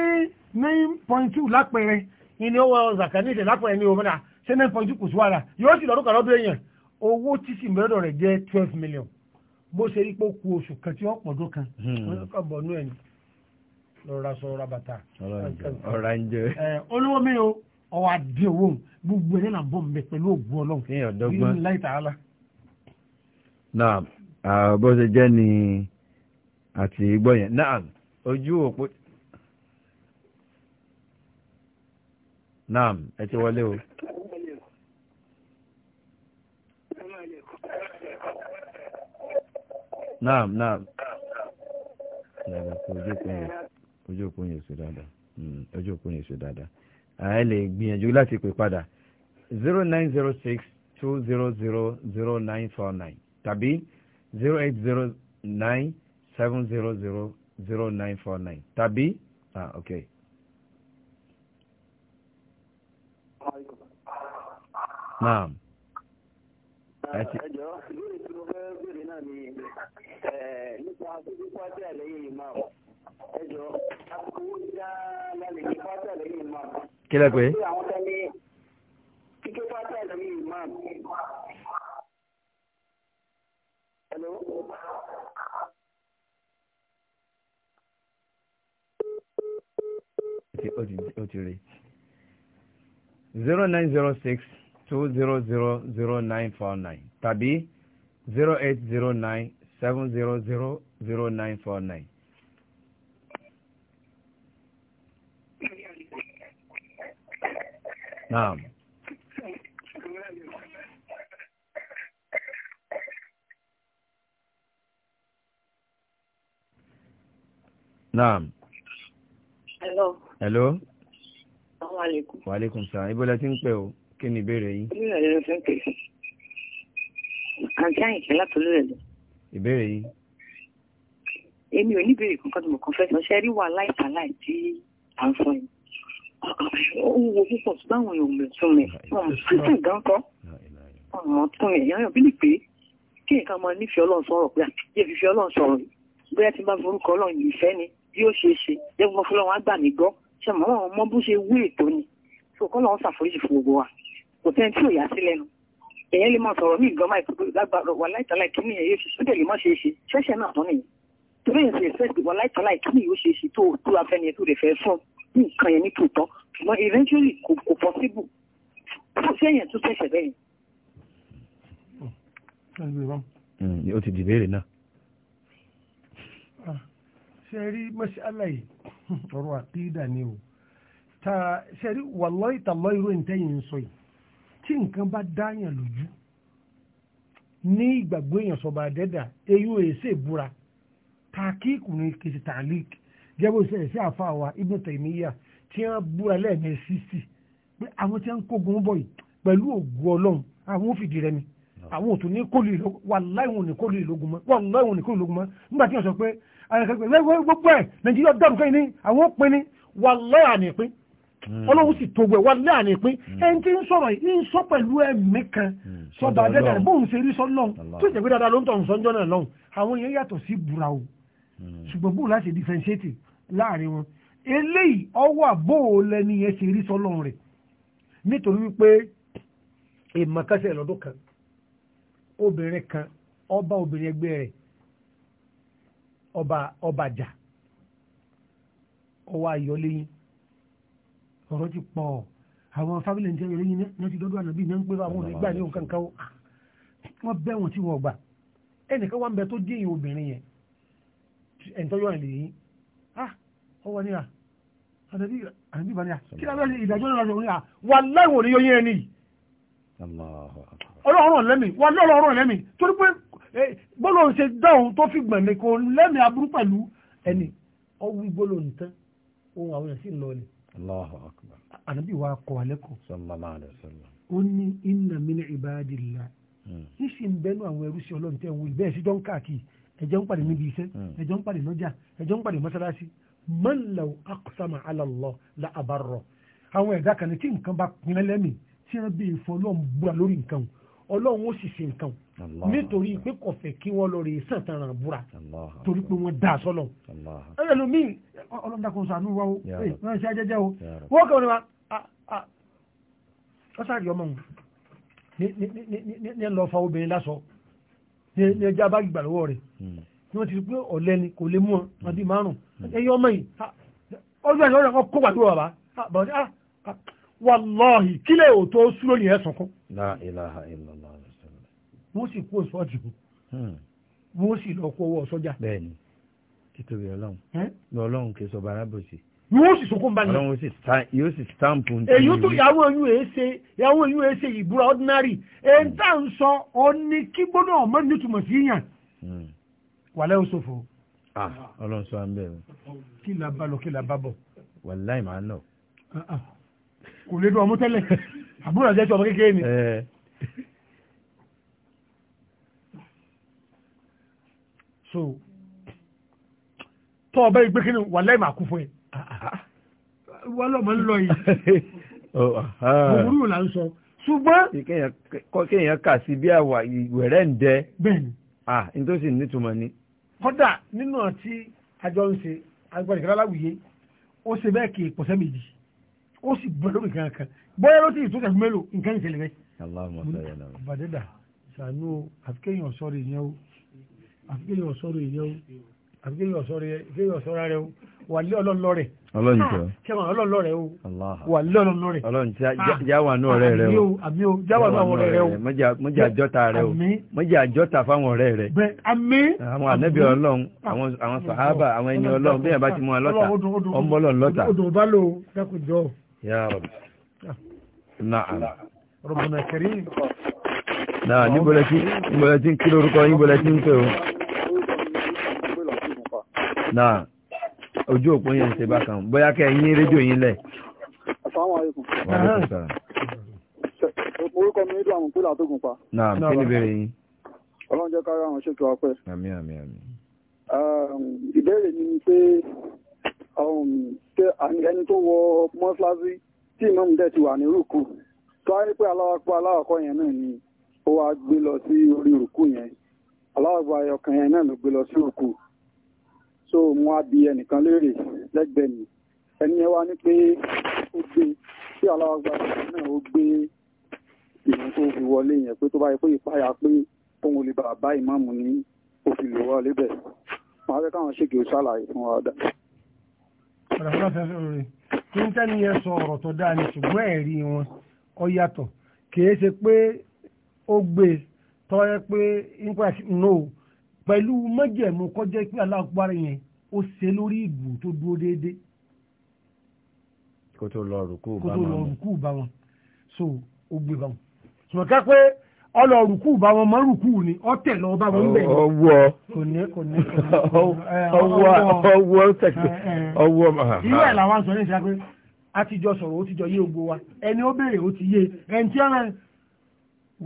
nine point two lápẹẹrẹ ni ó zakani ìdè lápẹẹrẹ ní òmìnira sẹ́nẹ̀ fọ́jú kò sí wàrà yóò sì lọ́dún kàlọ́dún èèyàn owó tí sì mẹ́rẹ́dọ̀ rẹ̀ jẹ́ twelve million bó ṣe rí pé ó ku oṣù kan tí hmm. wọ́n pọ̀ dún kan wọ́n kọ́ bọ̀ nú ẹ̀yìn lọ́ra sọ ra bàtà ọ̀rá ń jẹ. olówó mi o ọwọ́ adé owó gbogbo ẹ̀ nílà bọ̀ mbẹ pẹ̀lú ògùn ọlọ́run yìí láì tààlà. náà bó ṣe jẹ́ ni àti gbọ́ yẹn náà ojú òpó naam ẹ ti wọlé o. naam naam ojú òpó yẹn ṣe dáadáa hmm, ojú òpó yẹn ṣe dáadáa àá lè gbìyànjú láti pè padà zero nine zero six two zero zero zero nine four nine tàbí zero eight zero nine seven zero zero zero nine four nine tàbí ah ok naam. Eh, nípa kíkí pátí àlẹ́yìn imam ẹjọ́ akọ̀wé já lálẹ́ kíkí pátí àlẹ́yìn imam. kí lẹ pé. àwọn tẹ́ ní kíkí zero nine zero six two zero zero zero nine four nine tàbí zero eight zero nine seven zero zero zero nine four nine. Naam. Naam. Hello. Hello. Assalamu alaikum. Wa alaikum salaam. Ibo la ti ń pè o, kí ni ìbéèrè yín? Ìbéèrè ló fi ń pè. Àǹtí àyìnkẹ́ látòlú rẹ̀ lọ ìbéèrè yìí. èmi ò ní ìbéèrè kankan tó mọ̀ kan fẹ́ẹ́ sọ ṣe rí wàhálà ìtàláì tí à ń sọ yìí ó wo púpọ̀ ṣùgbọ́n àwọn èèyàn ò tún mẹ̀ títí gan kọ́ ọmọ tún mẹ̀ yáyàn bí lè pé kí nǹkan máa nífẹ̀ẹ́ ọlọ́run sọ̀rọ̀ pé àtijọ́ fífi ọlọ́run sọ̀rọ̀ bóyá tí n bá forúkọ ọlọ́run yìí fẹ́ ni bí ó ṣe ṣe jẹ́ gbogbo fún ọlọ́run á gbà mí gbọ́ ṣe mọ́ ọmọ bó ṣe wú ètò ni so kọ́ lọ́run ṣàforíjì fún gbogbo wa kò tẹ́ni tí ò yá sí lẹ́nu èyàn lè máa sọ̀rọ̀ mí gan máa lágbàdo wà láìtàlá ìkíní yẹn ṣe sódẹ̀ lè má ṣe é ṣe ṣẹ́ṣẹ́ náà tán nìyẹn torí èyàn ti wà láìtàlá ìkíní yóò ṣe é ṣe tó tó afẹ́ni ẹ̀ tó lè fẹ́ fún ní nǹkan yẹn ní tòótọ́ ṣùgbọ́n eventually kò kò possible fún sẹ́yìn tó ṣẹ̀ṣẹ̀ bẹ́yìn. Hmm, ó ti dìbéèrè náà. Ah, ṣe rí mọ́ṣí aláì ọ̀rọ̀ àkídà ni o ṣe rí wàlọ́ ìtàlọ́ tí nǹkan bá dáyàn lójú ní ìgbàgbọ́ èèyàn sọba àdẹ́dà èyí ò èsè ìbúra tàkíkù ní kìsì tàlík jẹ́bó ìṣe ẹ̀sẹ̀ àfa wa Ibn Taymiyyah tí wọ́n búra lẹ́ẹ̀mẹ́ sísì pé àwọn tí wọ́n kógun bọ̀ yìí pẹ̀lú ògùn ọlọ́run àwọn ò fìdí rẹmi àwọn òtún ní kólì wàláì wọn ní kólì lógun mọ́ wàláì wọn ní kólì lógun mọ́ nígbà tí wọ́n sọ pé àyàkẹ́gbẹ́ gbogbo ẹ̀ Nàìjíríà dọ̀rùn kẹ́yìn ní àwọn òpin ní wàláì ànípín Mm. ọlọ́run sì tó gbẹ̀ wá láàrin pé mm. ẹni tí ń sọ̀rọ̀ yìí ń sọ pẹ̀lú ẹ̀mí kan mm. sọ́dọ̀ adẹ́dẹ̀ bóun ṣe rí sọ́lọ́n tó jẹ́ pé dáadáa ló ń tọ̀hún sọ́njọ́ náà lọ́hùn àwọn èèyàn yàtọ̀ sí búra o ṣùgbọ́n bóun láti differentiate láàrin wọn eléyìí ọwọ́ àbóò lẹni yẹn ṣe rí sọ́lọ́n rẹ̀ nítorí wípé èèmọ̀ kẹsẹ̀ kan obìnrin kan ọba obìnrin ẹgbẹ́ rẹ̀ ọba ọba jà ọwọ́ ayọ̀lẹ́yìn ọ̀rọ̀ ti pọ̀ àwọn fábílẹ̀ ní ẹ̀rẹ́ yìí ní ti dọ́dọ̀ ànàbí ní ń pé àwọn onígbà ní òǹkan kan wọ́n bẹ́ wọn tí wọ́n gbà ẹnìkan wà ń bẹ tó dé ìyẹn obìnrin yẹn ẹ̀ńtọ́yọ̀ ẹ̀lẹ́ yìí ah ọ wọ níra ah, ànàbí ànàbí bá ní à ah, kí lábẹ́ ìdájọ́ náà lọ́wọ́ ní à wà láìwò ní yóyé ẹni ọlọ́run lẹ́mìí wà lọ́rọ̀ lẹ́mìí torí pé bọ́lọ̀ ṣe dáhùn tó fi gbẹ̀mí kò lẹ́mìí aburú pẹ̀lú ẹni ọwọ́ gbọ́lọ̀ nìtán ohun àwọn èèyàn sì lọ ni Allahu akbar. ànábì wa kọ́ alẹ́ kọ́. sallallahu alayhi wa sallam. ó ní inna min ibadillah. níṣì hmm. ń bẹ́nu àwọn ẹrú sí ọlọ́run tẹ́ ń wuli bẹ́ẹ̀ sí jọ ń káàkiri ẹ̀jọ̀ ń pàdé níbi iṣẹ́ hmm. ẹ̀jọ̀ ń pàdé lọ́jà ẹ̀jọ̀ ń pàdé mọ́sálásí man law aqsama ala Allah la abarra àwọn ẹ̀dá kan tí nǹkan bá pinnu lẹ́mìí tí wọ́n bí ìfọlọ́ọ̀ búra lórí nǹkan o ọlọ́run ó sì ṣe nǹkan nítorí pé kò fẹ́ kí wọ́n lọ rè é sàn tán ràn búra torí pé wọ́n dà sọ́lọ̀ ẹlòmíì ọlọ́dàkùn sànú wa o wọ́n ṣe ajẹ́jẹ́ o wọ́n kàn wọ́n wọ́n sáré ọmọ wọn ní ẹ lọ fa obìnrin lásọ ní ẹjọ́ bá gbà lọ́wọ́ rẹ̀ hmm. ní wọ́n ti rí pé ọ̀lẹ́ni kò lè mú ọ ọdún márùn-ún hmm. ẹ̀yọ́ ọmọ yìí ọdún ẹ̀ lọ́rẹ̀ kọ́ kó wà lọ́wọ́ bàbá wàlọ́ọ̀hì kílẹ̀ ò tó súrò ní ẹ̀sùn kún. La ilaha illallah. wọ́n sì kú òṣùwọ̀n dìbò hmm. wọ́n sì lọ kó owó ọ̀sọ́jà. bẹ́ẹ̀ni títóbi Ọlọ́run Ọlọ́run kì í sọ barábòsì. yóò sì sunkún bá ní. Ọlọ́run yóò sì stamp ní. èyí tó yàwó ẹyún ẹ ṣe yàwó ẹyún ẹ ṣe ìbúra ordinary èyí hmm. tá à ń sọ ọ̀ni kí gbọ́dọ̀ ọmọ nítumọ̀ sí yàn. Hmm. wàlẹ́ òṣòfò. Ah, Ọlọ́run sọ à ń bẹ̀rù. kí la bá lọ kí la bá bọ̀. wàláì máa lọ. Ah, ah kò lè dún ọmú tẹ́lẹ̀ àbúrò àjẹjọ ọmọ kékeré ni. Eh. so tọ́ ọba yìí gbé kí ni wà láì máa kú fún ẹ wọ́n lọ́mọ ń lọ yìí òwúrò oh, là ń sọ ṣùgbọ́n. kéèyàn kà sí bí àwà ìwẹ̀rẹ̀ ń dẹ. bẹ́ẹ̀ni. ah n tó sì nítumọ̀ ni. kódà nínú àti àjọ ń ṣe agbọ̀nìkan láwùyé ó ṣe bẹ́ẹ̀ kì í pọ̀sẹ́ méjì ó sì bọ́ lórí nǹkan kan bóyá ló sì tó tẹ̀sí mélòó nǹkan ìṣẹ̀lẹ̀ rẹ̀. bàdẹ́dà sànú àfikẹ́yìn ọ̀sọ́rọ̀ ìyẹn o àfikẹ́yìn ọ̀sọ́rọ̀ ìyẹn o àfikẹ́yìn ọ̀sọ́rọ̀ rẹ̀ o wà lé ọlọ́lọ́rẹ̀. ọlọ́run tó kẹwọn ọlọ́lọ́rẹ̀ o wà lé ọlọ́lọ́rẹ̀. ọlọ́run tí jáwà náà ọ̀rẹ́ rẹ o àmì o jáwà náà àwọn ọ̀rẹ́ rẹ o mọ̀jẹ̀ àjọta rẹ o mọ̀jẹ̀ àjọta fáwọn ọ̀rẹ́ rẹ. bẹ́ẹ̀ àmì. àwọn ànábì ọlọ́run àwọn sàhábà àwọn ẹni ọlọ́run bí yẹn bá ti mú wọn lọ́ta ọmọ ọlọ́run lọ́ta. odò bá lò ó dákùjọ́. يا رب نعم ربنا كريم نعم níbọ̀lẹ̀ tí ń kí lórúkọ níbọ̀lẹ̀ tí نعم pè ó náà ojú òpó yẹn ṣe bá kan bóyá kẹ́ yín rédíò yín lẹ̀ orúkọ mi rédíò àwọn pílà tó gùn pa náà kí ni bèèrè yín ọlọ́run jẹ́ kára àwọn ṣètò apẹ́ àmín àmín àmín ìbéèrè mi ni pé Um, ẹni tó wọ mọ́ṣáláṣí tí ìmọ̀mù dẹ̀ ti wà ní rúkú tó wáyé pé aláwọ̀pọ̀ aláwọ̀kọ́ yẹn náà ni ó wá gbé lọ sí orí rúkú yẹn aláwọ̀pọ̀ ayọ̀kan yẹn náà ló gbé lọ sí rúkú so mo á bi ẹnìkan léèrè lẹ́gbẹ̀ẹ́ mi ẹni yẹn wá ní pé ó gbé tí aláwọ̀pọ̀ ayọ̀kan náà ó gbé ìrìn tó fi wọlé yẹn pé tó bá yẹ pé ìpáyà pé òun lè bàbá ìmáàmù ní òfin lè wọlé bẹ̀ máa fẹ́ káwọn ṣèkè ó ṣàlàyé fún wa dáadáa. ọ̀dàfọ́láfẹ́ lórí sọ ẹ̀rí wọn ọ pé ó gbé e tọ́ no pẹ̀lú mọ́jẹ̀mú kọjá pé aláàpárá yẹn ó ṣe lórí ìgbò tó dúró déédéé. lọ rùkú bá wọn. so ó gbé bá wọn. ọlọ rùkú bá wọn mọ rùkú ni ọtẹ lọ bá wọn bẹ. ọwọ ọwọ ọwọ tẹkẹ ọwọ maha. sọ ní ìṣá a ti jọ sọ̀rọ̀ ti jọ yé ogbó wa ẹni ó béèrè ti yé ẹni tí wọn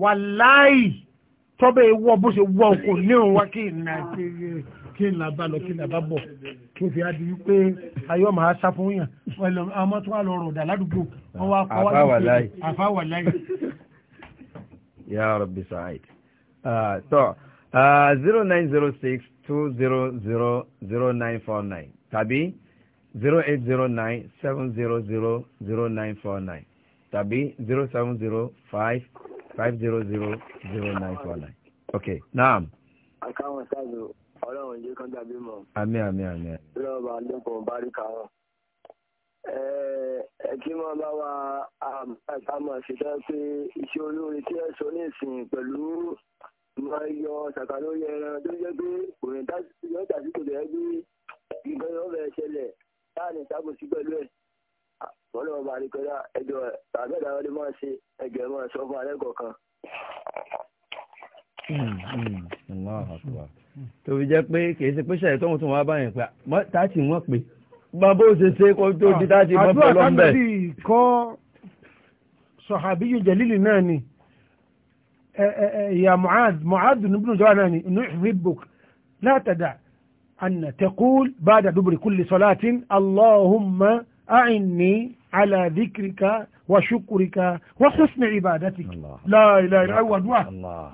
wà láì tọ́bẹ̀ wọ bó ṣe wọ kò ní òun wá kí n lọ kí n bọ̀ kí n fi adi wípé ayọ́ màá sá fún yàn ọmọ lọ ládùúgbò wọn wá kọ́ wá ya rabbi sa'id tọ́ uh, uh, zero nine zero six two zero zero zero nine four nine tàbí zero eight zero nine seven zero zero zero nine four nine tàbí zero seven zero five five zero zero zero nine four nine. okay naam. àkàwọn ṣáàjò ọlọ́run yìí kan dàbí mọ́. àmín àmín àmín. lọ́wọ́ bá lẹ́kọ̀ọ́ bá rí kàrọ̀ ẹ kí máa bá wa àmọ́ um, ṣiṣẹ́ pé iṣẹ́ olóore tí ẹ sọ ní ìsìn pẹ̀lú máa yọ ṣàkà lórí ẹran tó jẹ́ pé òrìn yóò tà sí kòtò ẹ gbé nǹkan yóò bẹ̀rẹ̀ ṣẹlẹ̀ láàrin ìtàkùnsí pẹ̀lú ẹ̀ wọ́n lọ́wọ́ bá rí kọ́lá ẹjọ́ tàbí ẹ̀dá wọlé máa ṣe ẹgbẹ́ máa sọ fún alẹ́ kọ̀ọ̀kan. Hmm, hmm, tó fi jẹ́ pé kì í ṣe pé ṣàyẹ̀tọ́ wọn tún wá báyìí pé tá a ti pè é bàbá òṣèṣe kó tó di láti mọ́ pẹ̀lú ọ̀bẹ̀. àdúrà tábìlì kọ́ sọ̀hábíyù jẹ̀lílì náà ni ìyá mu'ad mu'ad nìbùnú jọ́wọ́ náà ni nuhibbuk la tada anna taqul ba'da duburi kulli allahumma a'inni على ذكرك وشكرك وحسن عبادتك الله. لا إله إلا هو دعاء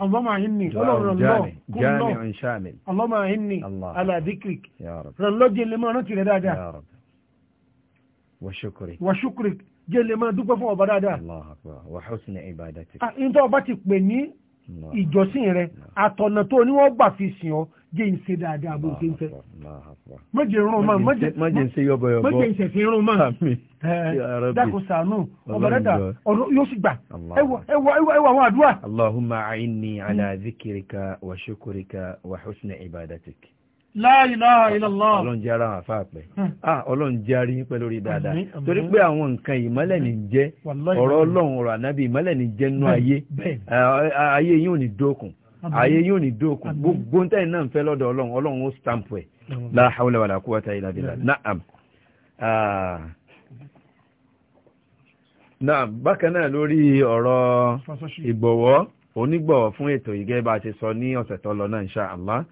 اللهم أعني جامع جامع شامل اللهم أعني على ذكرك يا رب الله جل ما نتي لدادا يا رب وشكرك وشكرك جل ما دوبا فوق بدادا الله أكبر وحسن عبادتك أنت أبتك بني ìjọsìn rẹ àtọ̀nà tó ní wọ́n gbà fi sìn ọ́ jẹ́ ìṣe dáadáa bó ṣe ń fẹ́. mọ̀jẹ̀ irun mọ̀ mọ̀jẹ̀ ìṣe yọ̀bọ̀yọ̀bọ̀ mọ̀jẹ̀ ìṣe fi irun mọ̀ dákun sànù ọ̀bàdàdà ọ̀dọ̀ yóò sì gbà ẹwà àwọn àdúrà. Allahumma a'inni ala hmm. dhikrika wa shukrika wa husni ibadatik. La ilaha illallah. ọlọ́run jẹ́ ara àwọn àfáà pẹ́ hmm. ọlọ́run jẹ́ arí pẹ́ lórí dáadáa torí pé àwọn nǹkan ìmọ́lẹ̀ ní jẹ́ ọ̀rọ̀ ọlọ́run ọ̀rọ̀ ànábì ìmọ́lẹ̀ ní jẹ́ nú ayé ayé yóò ní dókun ayé yóò ní dókun gbogbo ntẹ́ náà ń fẹ́ lọ́dọ̀ ọlọ́run ọlọ́run ó stamp ẹ̀ la hawla wala quwwata illa billah na'am. na'am bákan náà lórí ọ̀rọ̀ ìgbọ̀wọ́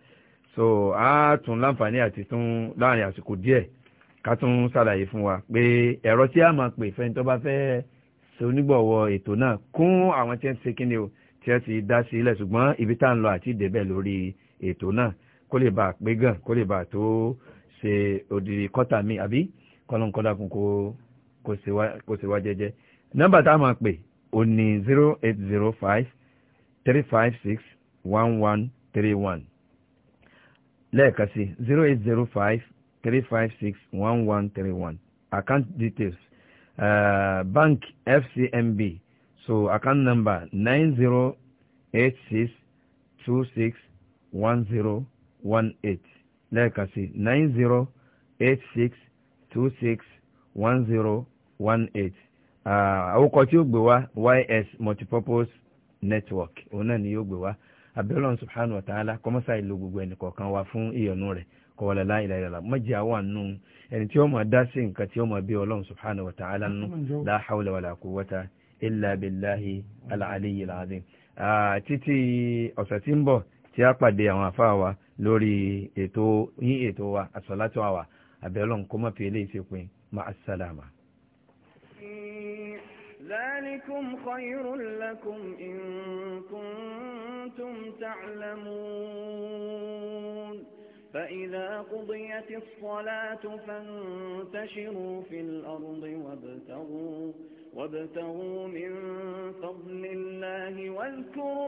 so a tún láǹfààní àti tún láàrin àsìkò díẹ̀ ká tún wa pé ẹ̀rọ tí a máa pè fẹ́ni tó bá fẹ́ ṣe onígbọ̀wọ́ ètò náà kún àwọn tí wọ́n ti ṣe kíni o tí wọ́n ti dá sí ilẹ̀ ṣùgbọ́n ibi tá à ń lọ àti ìdẹ́bẹ̀ lórí ètò náà kó lè bàa pé gàn kó lè bàa tó ṣe òdìrí kọ́tà mi àbí kọ́lọ́nkọ́lá kún kó ṣe wá jẹ́jẹ́ nọ́mbà tá a máa pè ò ní zero eight zero five three five six one one three one lẹ́ẹ̀kan sí zero eight zero five three five six one one three one account details uh, bank fcmb so account number nine zero eight six two six one zero one eight lẹ́ẹ̀kan sí nine zero eight six two six one zero one eight àwòkọ uh, tí ó gbé wá ys multipurpose network òun náà ni yóò gbé wá abẹ́lọ́n subhanahu wa ta'ala kọ́mọ́sá ìlú gbogbo ẹnì kọ̀ọ̀kan wa fún ìyọ̀nù rẹ̀ kọ̀wọ́lá láìláì lọ́la mọ́jẹ́ àwọn àánú ẹni tí ó máa dá sí nǹkan tí ó máa bí ọlọ́run subhanahu wa ta'ala nù la hawla wala quwwata illa billahi al-aliyyi al-azim. títí ọ̀sẹ̀ tí ń bọ̀ tí a pàdé àwọn àfáà wa lórí yín ètò wa as wa abẹ́lọ́n kọ́mọ́ ذلكم خير لكم إن كنتم كنتم تعلمون فإذا قضيت الصلاة فانتشروا في الأرض وابتغوا, وابتغوا من فضل الله واذكروا